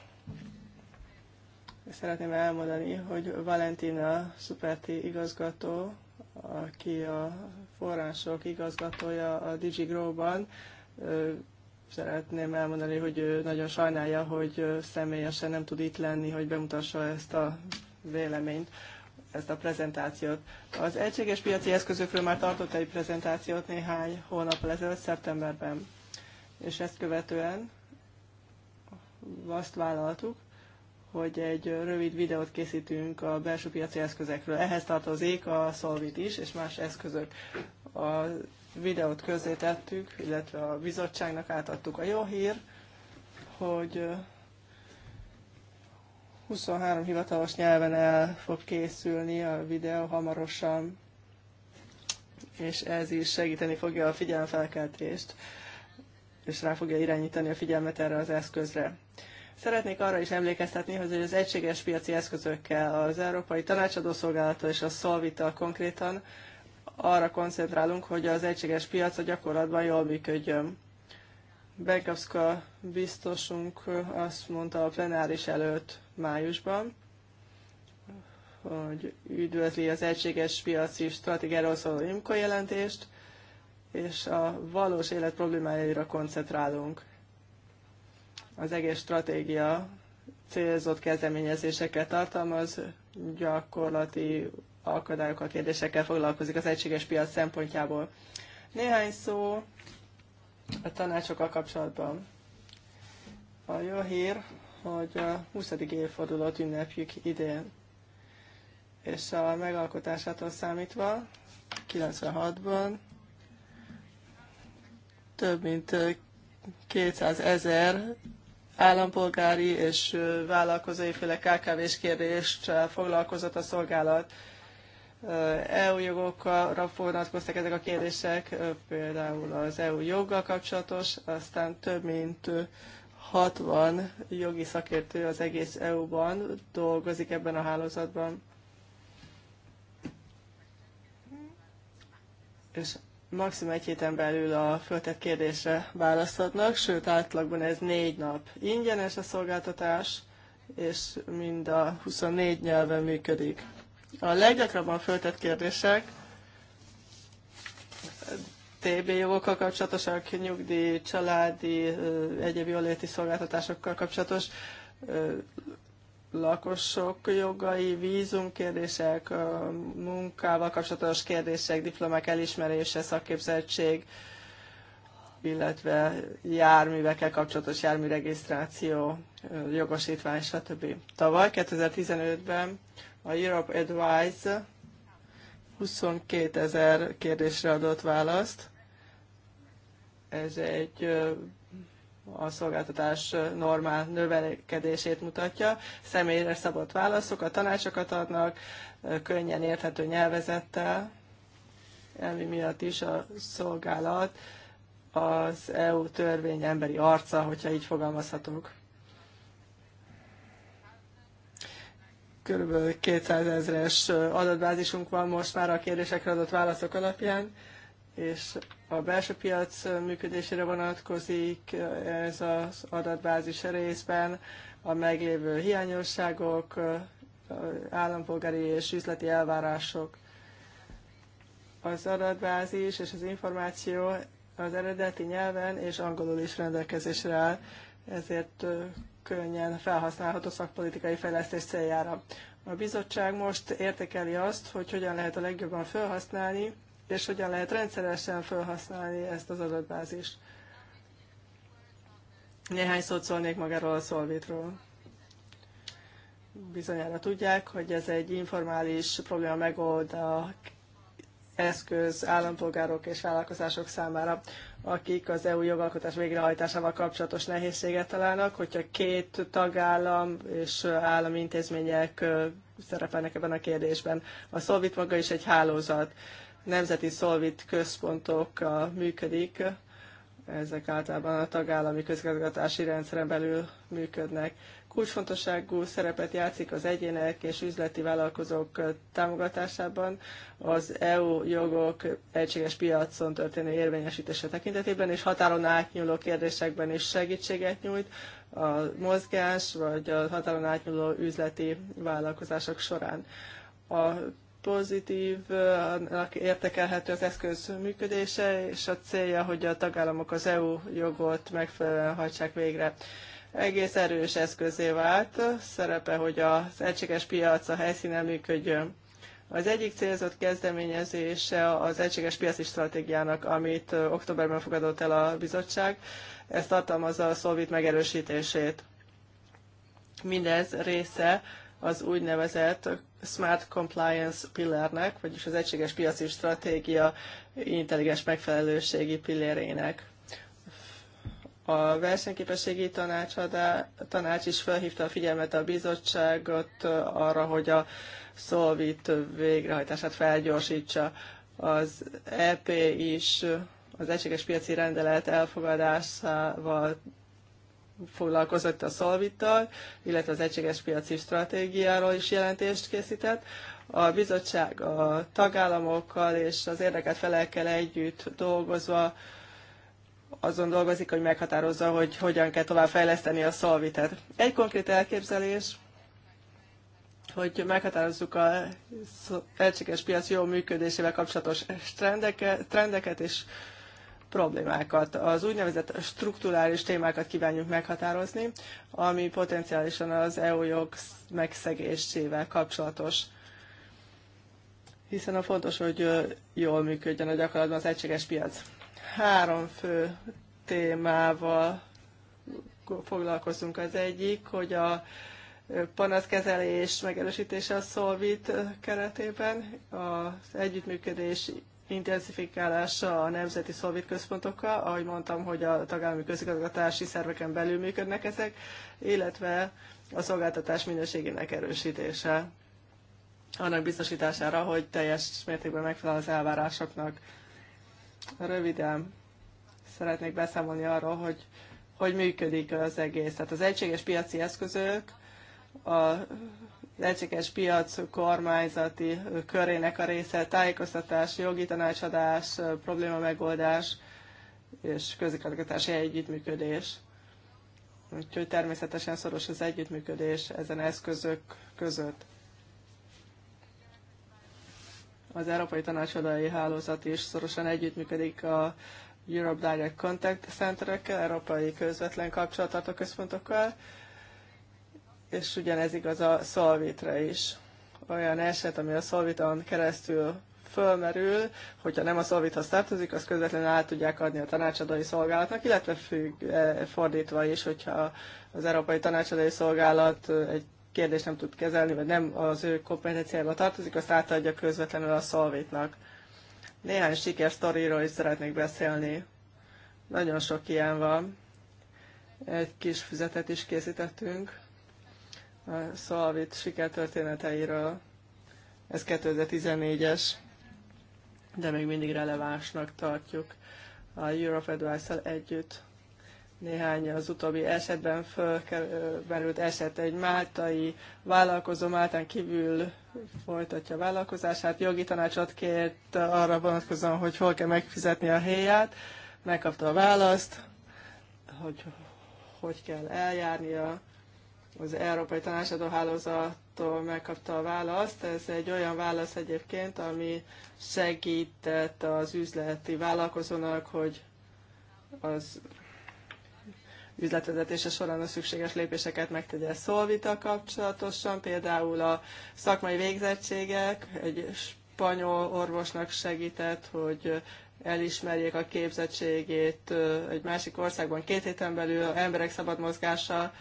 szeretném elmondani, hogy Valentina Szuperti igazgató, aki a források igazgatója a DigiGrow-ban. Szeretném elmondani, hogy ő nagyon sajnálja, hogy személyesen nem tud itt lenni, hogy bemutassa ezt a véleményt ezt a prezentációt. Az egységes piaci eszközökről már tartott egy prezentációt néhány hónap ezelőtt, szeptemberben. És ezt követően azt vállaltuk, hogy egy rövid videót készítünk a belső piaci eszközekről. Ehhez tartozik a Solvit is, és más eszközök. A videót közzétettük, illetve a bizottságnak átadtuk a jó hír, hogy 23 hivatalos nyelven el fog készülni a videó hamarosan, és ez is segíteni fogja a figyelemfelkeltést, és rá fogja irányítani a figyelmet erre az eszközre. Szeretnék arra is emlékeztetni, hogy az egységes piaci eszközökkel az Európai Tanácsadószolgálata és a Szolvita konkrétan arra koncentrálunk, hogy az egységes piac a gyakorlatban jól működjön. Benkowska biztosunk azt mondta a plenáris előtt májusban, hogy üdvözli az egységes piaci stratégiáról szóló IMCO jelentést, és a valós élet problémáira koncentrálunk az egész stratégia célzott kezdeményezéseket tartalmaz, gyakorlati akadályokkal, kérdésekkel foglalkozik az egységes piac szempontjából. Néhány szó a tanácsokkal kapcsolatban. A jó hír, hogy a 20. évfordulót ünnepjük idén, és a megalkotásától számítva 96-ban több mint 200 ezer állampolgári és vállalkozói főleg KKV-s kérdést foglalkozott a szolgálat. EU jogokra vonatkoztak ezek a kérdések, például az EU joggal kapcsolatos, aztán több mint 60 jogi szakértő az egész EU-ban dolgozik ebben a hálózatban. És maximum egy héten belül a föltett kérdésre választhatnak, sőt átlagban ez négy nap ingyenes a szolgáltatás, és mind a 24 nyelven működik. A leggyakrabban föltett kérdések TB jogokkal kapcsolatosak, nyugdíj, családi, egyéb jóléti szolgáltatásokkal kapcsolatos lakosok jogai, vízumkérdések, munkával kapcsolatos kérdések, diplomák elismerése, szakképzettség, illetve járművekkel kapcsolatos járműregisztráció, jogosítvány, stb. Tavaly 2015-ben a Europe Advice 22 ezer kérdésre adott választ. Ez egy a szolgáltatás normál növekedését mutatja, személyre szabott válaszokat, tanácsokat adnak, könnyen érthető nyelvezettel, ami miatt is a szolgálat az EU törvény emberi arca, hogyha így fogalmazhatunk. Körülbelül 200 ezres adatbázisunk van most már a kérdésekre adott válaszok alapján és a belső piac működésére vonatkozik ez az adatbázis részben, a meglévő hiányosságok, állampolgári és üzleti elvárások. Az adatbázis és az információ az eredeti nyelven és angolul is rendelkezésre áll, ezért könnyen felhasználható szakpolitikai fejlesztés céljára. A bizottság most értekeli azt, hogy hogyan lehet a legjobban felhasználni és hogyan lehet rendszeresen felhasználni ezt az adatbázist. Néhány szót szólnék magáról a Solvitról. Bizonyára tudják, hogy ez egy informális probléma a eszköz állampolgárok és vállalkozások számára, akik az EU jogalkotás végrehajtásával kapcsolatos nehézséget találnak, hogyha két tagállam és állami intézmények szerepelnek ebben a kérdésben. A Solvit maga is egy hálózat nemzeti szolvit központokkal működik, ezek általában a tagállami közgazgatási rendszeren belül működnek. Kulcsfontosságú szerepet játszik az egyének és üzleti vállalkozók támogatásában, az EU jogok egységes piacon történő érvényesítése tekintetében, és határon átnyúló kérdésekben is segítséget nyújt a mozgás vagy a határon átnyúló üzleti vállalkozások során. A pozitív, értekelhető az eszköz működése, és a célja, hogy a tagállamok az EU jogot megfelelően hajtsák végre. Egész erős eszközé vált, szerepe, hogy az egységes piac a helyszínen működjön. Az egyik célzott kezdeményezése az egységes piaci stratégiának, amit októberben fogadott el a bizottság, ez tartalmazza a szolvit megerősítését. Mindez része az úgynevezett Smart Compliance Pillernek, vagyis az egységes piaci stratégia intelligens megfelelőségi pillérének. A versenyképességi tanácsadá, tanács is felhívta a figyelmet a bizottságot arra, hogy a szolvit végrehajtását felgyorsítsa. Az EP is az egységes piaci rendelet elfogadásával foglalkozott a szolvittal, illetve az egységes piaci stratégiáról is jelentést készített. A bizottság a tagállamokkal és az érdekelt felekkel együtt dolgozva azon dolgozik, hogy meghatározza, hogy hogyan kell tovább fejleszteni a szolvitet. Egy konkrét elképzelés, hogy meghatározzuk a egységes piac jó működésével kapcsolatos trendeket, trendeket és problémákat. Az úgynevezett strukturális témákat kívánjuk meghatározni, ami potenciálisan az EU jog megszegésével kapcsolatos hiszen a fontos, hogy jól működjön a gyakorlatban az egységes piac. Három fő témával foglalkozunk. Az egyik, hogy a panaszkezelés megerősítése a Solvit keretében, az együttműködés intenzifikálása a nemzeti szolvét központokkal, ahogy mondtam, hogy a tagállami közigazgatási szerveken belül működnek ezek, illetve a szolgáltatás minőségének erősítése annak biztosítására, hogy teljes mértékben megfelel az elvárásoknak. Röviden szeretnék beszámolni arról, hogy hogy működik az egész. Tehát az egységes piaci eszközök a lehetséges piac kormányzati körének a része, tájékoztatás, jogi tanácsadás, probléma megoldás és közigazgatási együttműködés. Úgyhogy természetesen szoros az együttműködés ezen eszközök között. Az Európai Tanácsadói Hálózat is szorosan együttműködik a Europe Direct Contact Centerekkel, Európai Közvetlen Kapcsolatartó Központokkal, és ugyanez igaz a szalvétre is. Olyan eset, ami a szalvitan keresztül fölmerül, hogyha nem a szalvithoz tartozik, az közvetlenül át tudják adni a tanácsadói szolgálatnak, illetve függ, eh, fordítva is, hogyha az Európai Tanácsadói Szolgálat eh, egy kérdést nem tud kezelni, vagy nem az ő kompetenciájába tartozik, azt átadja közvetlenül a szalvétnak. Néhány sikersztoriról is szeretnék beszélni. Nagyon sok ilyen van. Egy kis füzetet is készítettünk a Szalvit sikertörténeteiről. Ez 2014-es, de még mindig relevánsnak tartjuk a Europe advice együtt. Néhány az utóbbi esetben fölmerült eset egy máltai vállalkozó Máltán kívül folytatja a vállalkozását, jogi tanácsot kért arra vonatkozóan, hogy hol kell megfizetni a helyát. megkapta a választ, hogy hogy kell eljárnia, az Európai Tanácsadó Hálózattól megkapta a választ. Ez egy olyan válasz egyébként, ami segített az üzleti vállalkozónak, hogy az üzletvezetése során a szükséges lépéseket megtegye szolvita kapcsolatosan, például a szakmai végzettségek, egy spanyol orvosnak segített, hogy elismerjék a képzettségét egy másik országban két héten belül, emberek szabad mozgása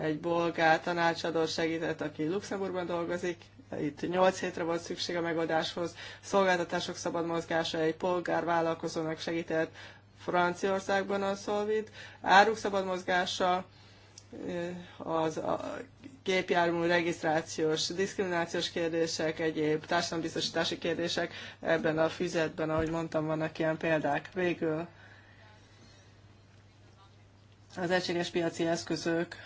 egy bolgár tanácsadó segített, aki Luxemburgban dolgozik, itt 8 hétre volt szükség a megoldáshoz, szolgáltatások szabad mozgása egy vállalkozónak segített Franciaországban a Solvit, áruk szabad mozgása, eh, az a gépjármű regisztrációs, diszkriminációs kérdések, egyéb társadalombiztosítási kérdések ebben a füzetben, ahogy mondtam, vannak ilyen példák. Végül az egységes piaci eszközök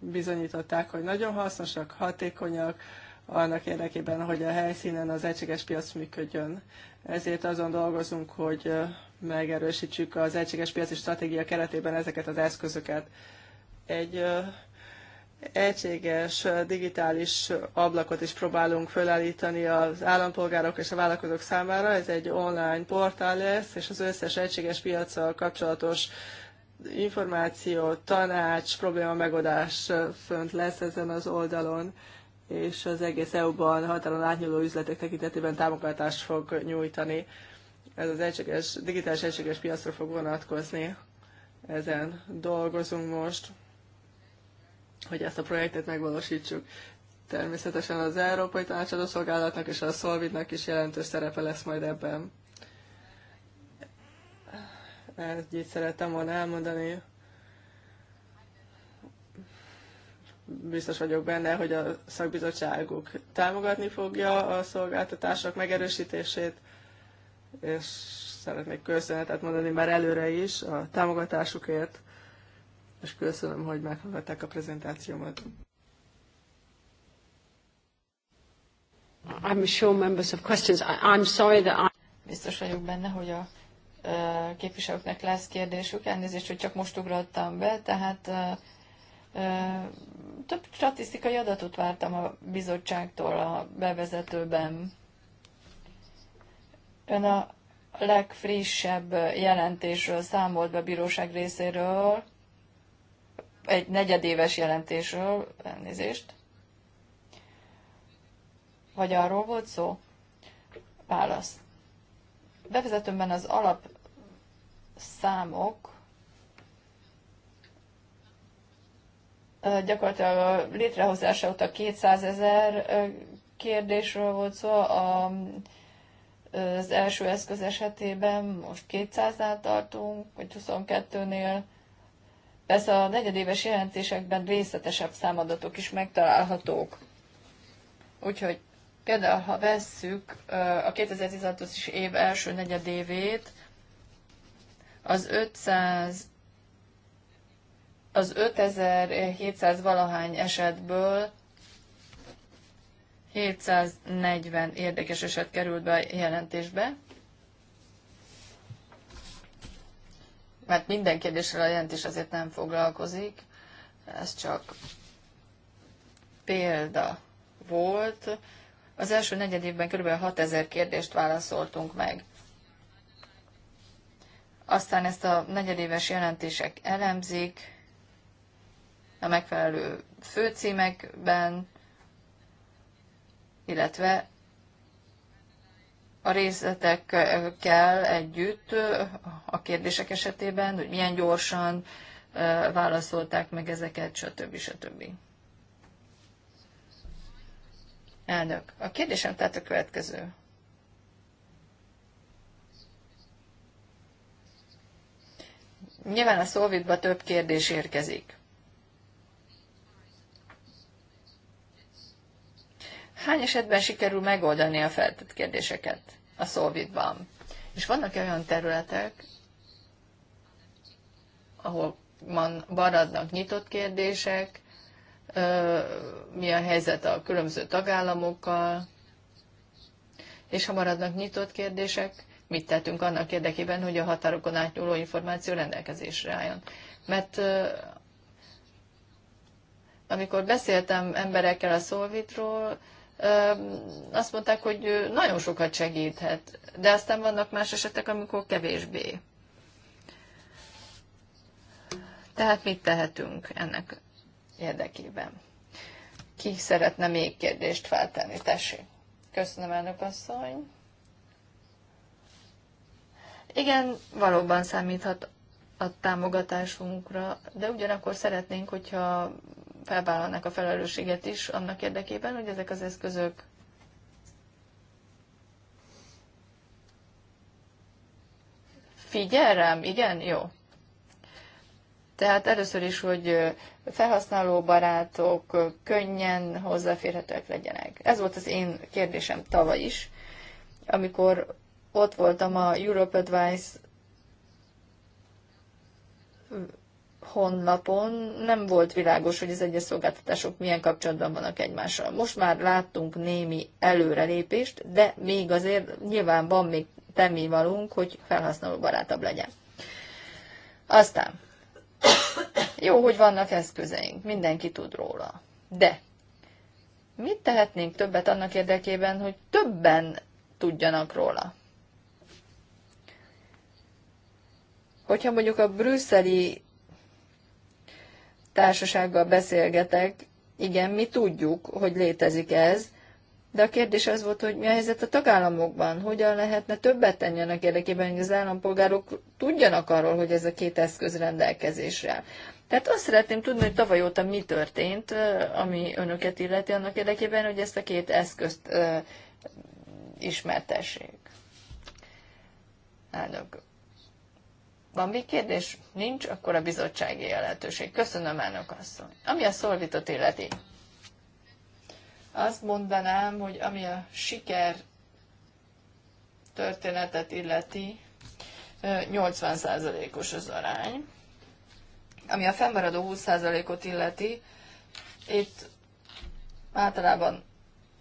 bizonyították, hogy nagyon hasznosak, hatékonyak, annak érdekében, hogy a helyszínen az egységes piac működjön. Ezért azon dolgozunk, hogy megerősítsük az egységes piaci stratégia keretében ezeket az eszközöket. Egy egységes digitális ablakot is próbálunk felállítani az állampolgárok és a vállalkozók számára. Ez egy online portál lesz, és az összes egységes piacsal kapcsolatos információ, tanács, probléma megoldás fönt lesz ezen az oldalon, és az egész EU-ban határon átnyúló üzletek tekintetében támogatást fog nyújtani. Ez az egységes, digitális egységes piacra fog vonatkozni. Ezen dolgozunk most, hogy ezt a projektet megvalósítsuk. Természetesen az Európai Tanácsadó Szolgálatnak és a Szolvidnak is jelentős szerepe lesz majd ebben. Ezt így szerettem volna elmondani. Biztos vagyok benne, hogy a szakbizottságuk támogatni fogja a szolgáltatások megerősítését, és szeretnék köszönetet mondani már előre is a támogatásukért, és köszönöm, hogy meghallgatták a prezentációmat. I'm sure members have questions. I, I'm sorry that I... Biztos vagyok benne, hogy a képviselőknek lesz kérdésük. Elnézést, hogy csak most ugrottam be, tehát több statisztikai adatot vártam a bizottságtól a bevezetőben. Ön a legfrissebb jelentésről számolt be a bíróság részéről, egy negyedéves jelentésről, elnézést. Vagy arról volt szó? Válasz. Bevezetőmben az alap számok gyakorlatilag a létrehozása óta 200 ezer kérdésről volt szó, a, az első eszköz esetében most 200-nál tartunk, vagy 22-nél. Persze a negyedéves jelentésekben részletesebb számadatok is megtalálhatók. Úgyhogy például, ha vesszük a 2016-os év első negyedévét, az 500 az 5700 valahány esetből 740 érdekes eset került be a jelentésbe, mert minden kérdésre a jelentés azért nem foglalkozik, ez csak példa volt. Az első negyed évben kb. 6000 kérdést válaszoltunk meg. Aztán ezt a negyedéves jelentések elemzik a megfelelő főcímekben, illetve a részletekkel együtt a kérdések esetében, hogy milyen gyorsan válaszolták meg ezeket, stb. stb. Elnök, a kérdésem tehát a következő. Nyilván a szóvidba több kérdés érkezik. Hány esetben sikerül megoldani a feltett kérdéseket a szóvidban? És vannak -e olyan területek, ahol maradnak nyitott kérdések, mi a helyzet a különböző tagállamokkal, és ha maradnak nyitott kérdések, mit tettünk annak érdekében, hogy a határokon átnyúló információ rendelkezésre álljon. Mert amikor beszéltem emberekkel a Szolvitról, azt mondták, hogy nagyon sokat segíthet, de aztán vannak más esetek, amikor kevésbé. Tehát mit tehetünk ennek érdekében? Ki szeretne még kérdést feltenni? Tessék. Köszönöm, elnök asszony. Igen, valóban számíthat a támogatásunkra, de ugyanakkor szeretnénk, hogyha felvállalnak a felelősséget is annak érdekében, hogy ezek az eszközök Figyel rám, igen? Jó. Tehát először is, hogy felhasználóbarátok könnyen hozzáférhetőek legyenek. Ez volt az én kérdésem tavaly is, amikor ott voltam a Europe Advice honlapon, nem volt világos, hogy az egyes szolgáltatások milyen kapcsolatban vannak egymással. Most már láttunk némi előrelépést, de még azért nyilván van még tennivalunk, hogy felhasználó barátabb legyen. Aztán, jó, hogy vannak eszközeink, mindenki tud róla. De mit tehetnénk többet annak érdekében, hogy többen tudjanak róla? hogyha mondjuk a brüsszeli társasággal beszélgetek, igen, mi tudjuk, hogy létezik ez, de a kérdés az volt, hogy mi a helyzet a tagállamokban, hogyan lehetne többet tenni annak érdekében, hogy az állampolgárok tudjanak arról, hogy ez a két eszköz rendelkezésre. Tehát azt szeretném tudni, hogy tavaly óta mi történt, ami önöket illeti annak érdekében, hogy ezt a két eszközt ismertessék. Elnök. Van még kérdés? Nincs? Akkor a bizottsági lehetőség. Köszönöm, elnök asszony. Ami a szolvitot illeti. Azt mondanám, hogy ami a siker történetet illeti, 80%-os az arány. Ami a fennmaradó 20%-ot illeti, itt általában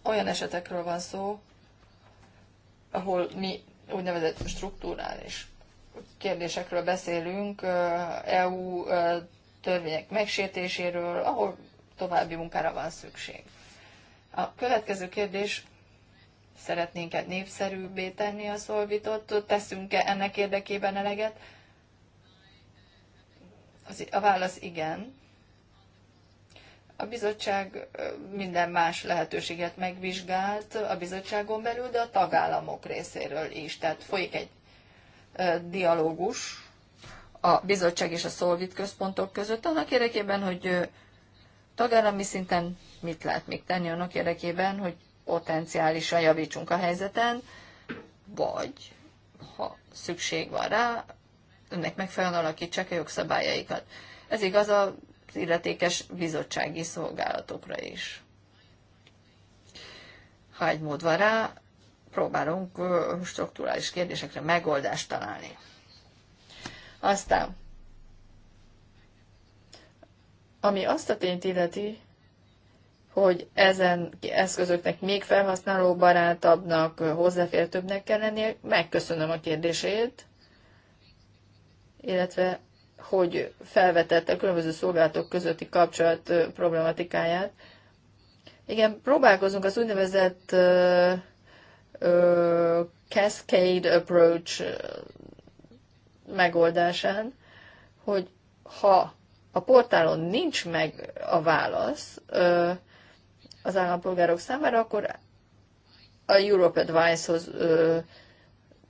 olyan esetekről van szó, ahol mi úgynevezett struktúrális kérdésekről beszélünk, EU törvények megsértéséről, ahol további munkára van szükség. A következő kérdés, szeretnénk-e népszerűbbé tenni a szolvitot, teszünk-e ennek érdekében eleget? A válasz igen. A bizottság minden más lehetőséget megvizsgált a bizottságon belül, de a tagállamok részéről is. Tehát folyik egy dialógus a bizottság és a szolvit központok között, annak érdekében, hogy tagállami szinten mit lehet még tenni annak érdekében, hogy potenciálisan javítsunk a helyzeten, vagy ha szükség van rá, önnek megfelelően alakítsák a jogszabályaikat. Ez igaz az illetékes bizottsági szolgálatokra is. Ha egy mód van rá, próbálunk strukturális kérdésekre megoldást találni. Aztán, ami azt a tényt illeti, hogy ezen eszközöknek még barátabbnak, hozzáfértőbbnek kell lennie, megköszönöm a kérdését, illetve hogy felvetette a különböző szolgálatok közötti kapcsolat problematikáját. Igen, próbálkozunk az úgynevezett cascade approach megoldásán, hogy ha a portálon nincs meg a válasz az állampolgárok számára, akkor a Europe Advice-hoz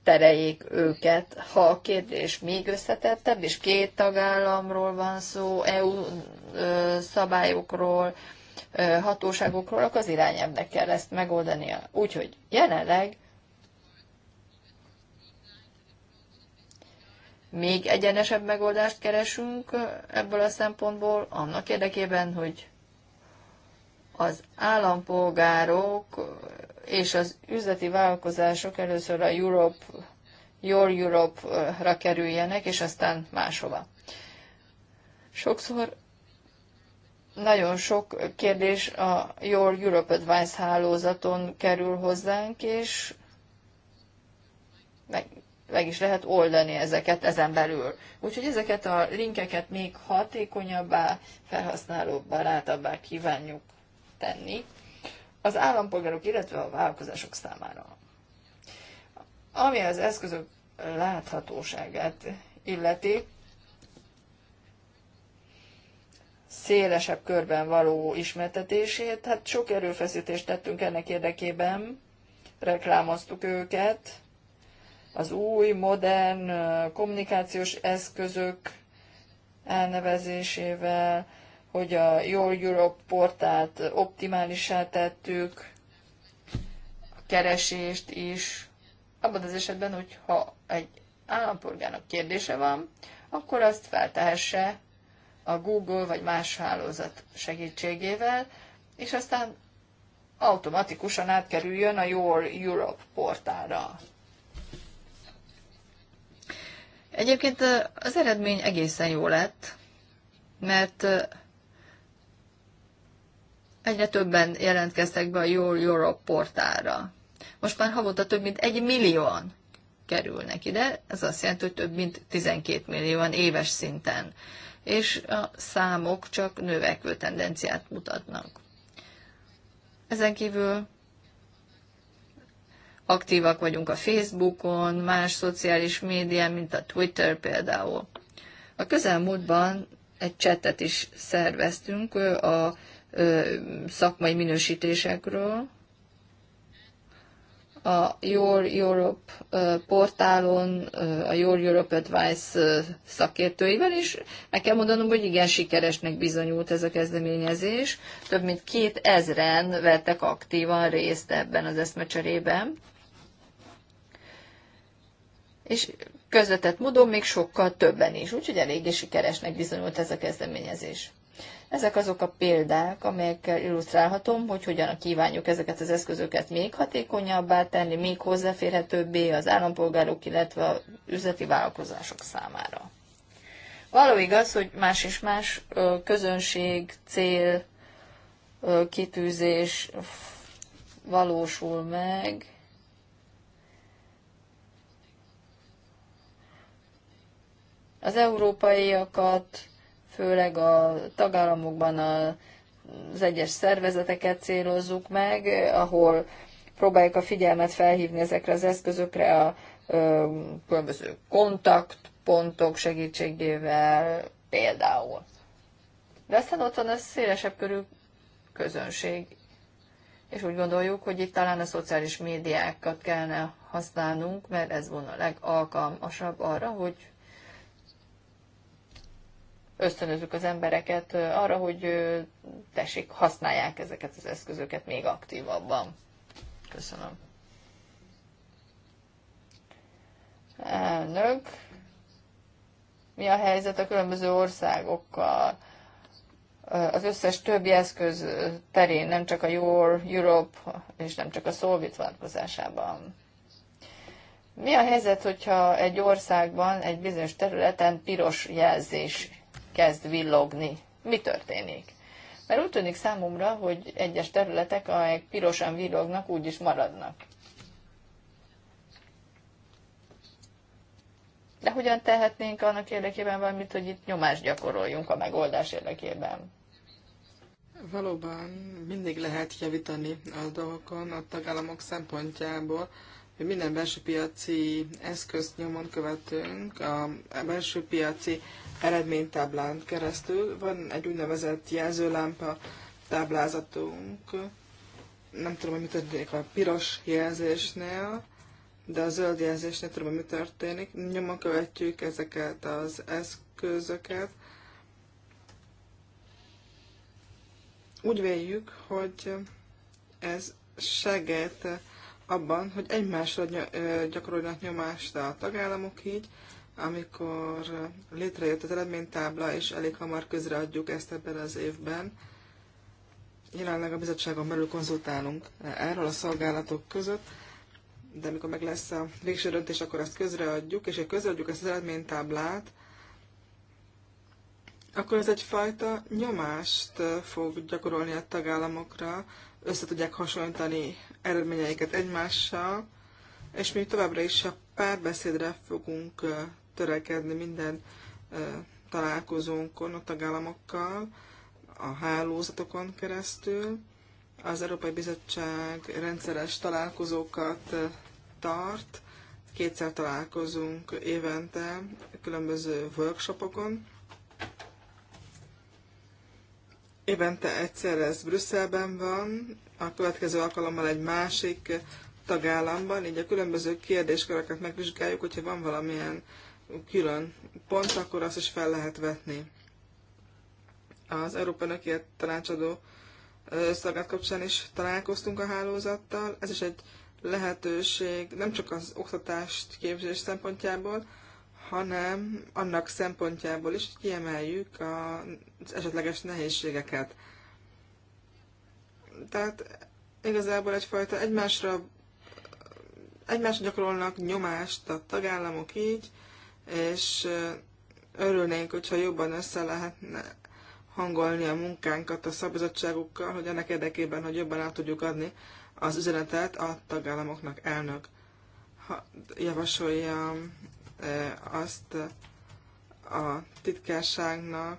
tereljék őket, ha a kérdés még összetettebb, és két tagállamról van szó, EU szabályokról, hatóságokról, akkor az irányelvnek kell ezt megoldania. Úgyhogy jelenleg még egyenesebb megoldást keresünk ebből a szempontból, annak érdekében, hogy az állampolgárok és az üzleti vállalkozások először a Europe, Your Europe-ra kerüljenek, és aztán máshova. Sokszor nagyon sok kérdés a Your Europe Advice hálózaton kerül hozzánk, és meg, meg is lehet oldani ezeket ezen belül. Úgyhogy ezeket a linkeket még hatékonyabbá, felhasználóbb, barátabbá kívánjuk tenni az állampolgárok, illetve a vállalkozások számára. Ami az eszközök láthatóságát illeti, szélesebb körben való ismertetését. Hát sok erőfeszítést tettünk ennek érdekében, reklámoztuk őket, az új, modern kommunikációs eszközök elnevezésével, hogy a Your Europe portált optimálisá tettük, a keresést is. Abban az esetben, hogyha egy állampolgárnak kérdése van, akkor azt feltehesse a Google vagy más hálózat segítségével, és aztán automatikusan átkerüljön a Your Europe portálra. Egyébként az eredmény egészen jó lett, mert egyre többen jelentkeztek be a Your Europe portálra. Most már havonta több mint egy millióan kerülnek ide, ez azt jelenti, hogy több mint 12 millióan éves szinten és a számok csak növekvő tendenciát mutatnak. Ezen kívül aktívak vagyunk a Facebookon, más szociális médián, mint a Twitter például. A közelmúltban egy csetet is szerveztünk a szakmai minősítésekről, a Your Europe portálon, a Your Europe Advice szakértőivel, is, meg kell mondanom, hogy igen sikeresnek bizonyult ez a kezdeményezés. Több mint két ezren vettek aktívan részt ebben az eszmecserében. És közvetett módon még sokkal többen is, úgyhogy eléggé sikeresnek bizonyult ez a kezdeményezés. Ezek azok a példák, amelyekkel illusztrálhatom, hogy hogyan kívánjuk ezeket az eszközöket még hatékonyabbá tenni, még hozzáférhetőbbé az állampolgárok, illetve az üzleti vállalkozások számára. Való igaz, hogy más és más közönség, cél, kitűzés valósul meg. Az európaiakat főleg a tagállamokban az egyes szervezeteket célozzuk meg, ahol próbáljuk a figyelmet felhívni ezekre az eszközökre a különböző kontaktpontok segítségével például. De aztán ott van a szélesebb körű közönség, és úgy gondoljuk, hogy itt talán a szociális médiákat kellene használnunk, mert ez volna a legalkalmasabb arra, hogy ösztönözzük az embereket arra, hogy tessék, használják ezeket az eszközöket még aktívabban. Köszönöm. Elnök, mi a helyzet a különböző országokkal? Az összes többi eszköz terén, nem csak a Your Europe és nem csak a Solvit vonatkozásában. Mi a helyzet, hogyha egy országban, egy bizonyos területen piros jelzés kezd villogni. Mi történik? Mert úgy tűnik számomra, hogy egyes területek, amelyek pirosan villognak, úgy is maradnak. De hogyan tehetnénk annak érdekében valamit, hogy itt nyomást gyakoroljunk a megoldás érdekében? Valóban mindig lehet javítani a dolgokon a tagállamok szempontjából, hogy minden belső piaci eszközt nyomon követünk, a belső piaci eredménytáblán keresztül. Van egy úgynevezett jelzőlámpa táblázatunk. Nem tudom, hogy mi történik a piros jelzésnél, de a zöld jelzésnél tudom, hogy mi történik. Nyomon követjük ezeket az eszközöket. Úgy véljük, hogy ez segít abban, hogy egymásra gyakoroljanak nyomást a tagállamok így, amikor létrejött az eredménytábla, és elég hamar közreadjuk ezt ebben az évben. Jelenleg a bizottságon belül konzultálunk erről a szolgálatok között, de amikor meg lesz a végső döntés, akkor azt közreadjuk, és ha közreadjuk ezt az eredménytáblát, akkor ez egyfajta nyomást fog gyakorolni a tagállamokra, össze tudják hasonlítani eredményeiket egymással, és mi továbbra is a párbeszédre fogunk törekedni minden találkozónkon a tagállamokkal, a hálózatokon keresztül. Az Európai Bizottság rendszeres találkozókat tart, kétszer találkozunk évente különböző workshopokon. Évente egyszer ez Brüsszelben van, a következő alkalommal egy másik tagállamban, így a különböző kérdésköröket megvizsgáljuk, hogyha van valamilyen uh, külön pont, akkor azt is fel lehet vetni. Az Európa Nökiet tanácsadó szolgált kapcsán is találkoztunk a hálózattal. Ez is egy lehetőség nem csak az oktatást képzés szempontjából, hanem annak szempontjából is kiemeljük az esetleges nehézségeket. Tehát igazából egyfajta egymásra egymásra gyakorolnak nyomást a tagállamok így, és örülnénk, hogyha jobban össze lehetne hangolni a munkánkat a szabizottságukkal, hogy ennek érdekében, hogy jobban át tudjuk adni az üzenetet a tagállamoknak elnök. Ha javasolja azt a titkárságnak,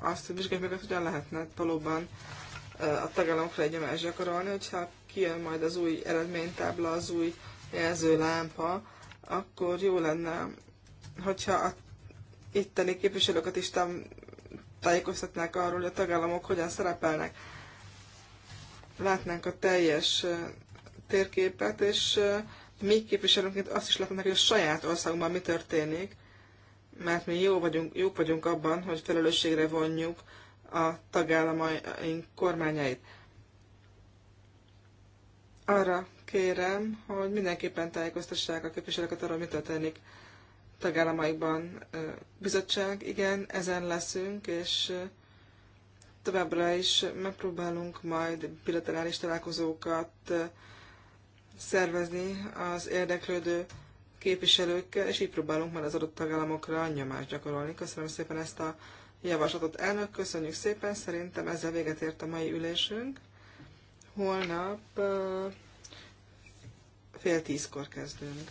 azt, hogy vizsgáljuk meg, hogy hogyan lehetne valóban a tagállamokra egy gyakorolni, hogyha kijön majd az új eredménytábla, az új jelzőlámpa, akkor jó lenne, hogyha a itteni képviselőket is tájékoztatnák arról, hogy a tagállamok hogyan szerepelnek. Látnánk a teljes térképet, és mi képviselőként azt is látnánk, hogy a saját országunkban mi történik, mert mi jó vagyunk, jók vagyunk abban, hogy felelősségre vonjuk a tagállamaink kormányait arra kérem, hogy mindenképpen tájékoztassák a képviselőket arról, mi történik tagállamaikban. Bizottság, igen, ezen leszünk, és továbbra is megpróbálunk majd bilaterális találkozókat szervezni az érdeklődő képviselőkkel, és így próbálunk majd az adott tagállamokra nyomást gyakorolni. Köszönöm szépen ezt a javaslatot, elnök, köszönjük szépen, szerintem ezzel véget ért a mai ülésünk holnap fél tízkor kezdünk.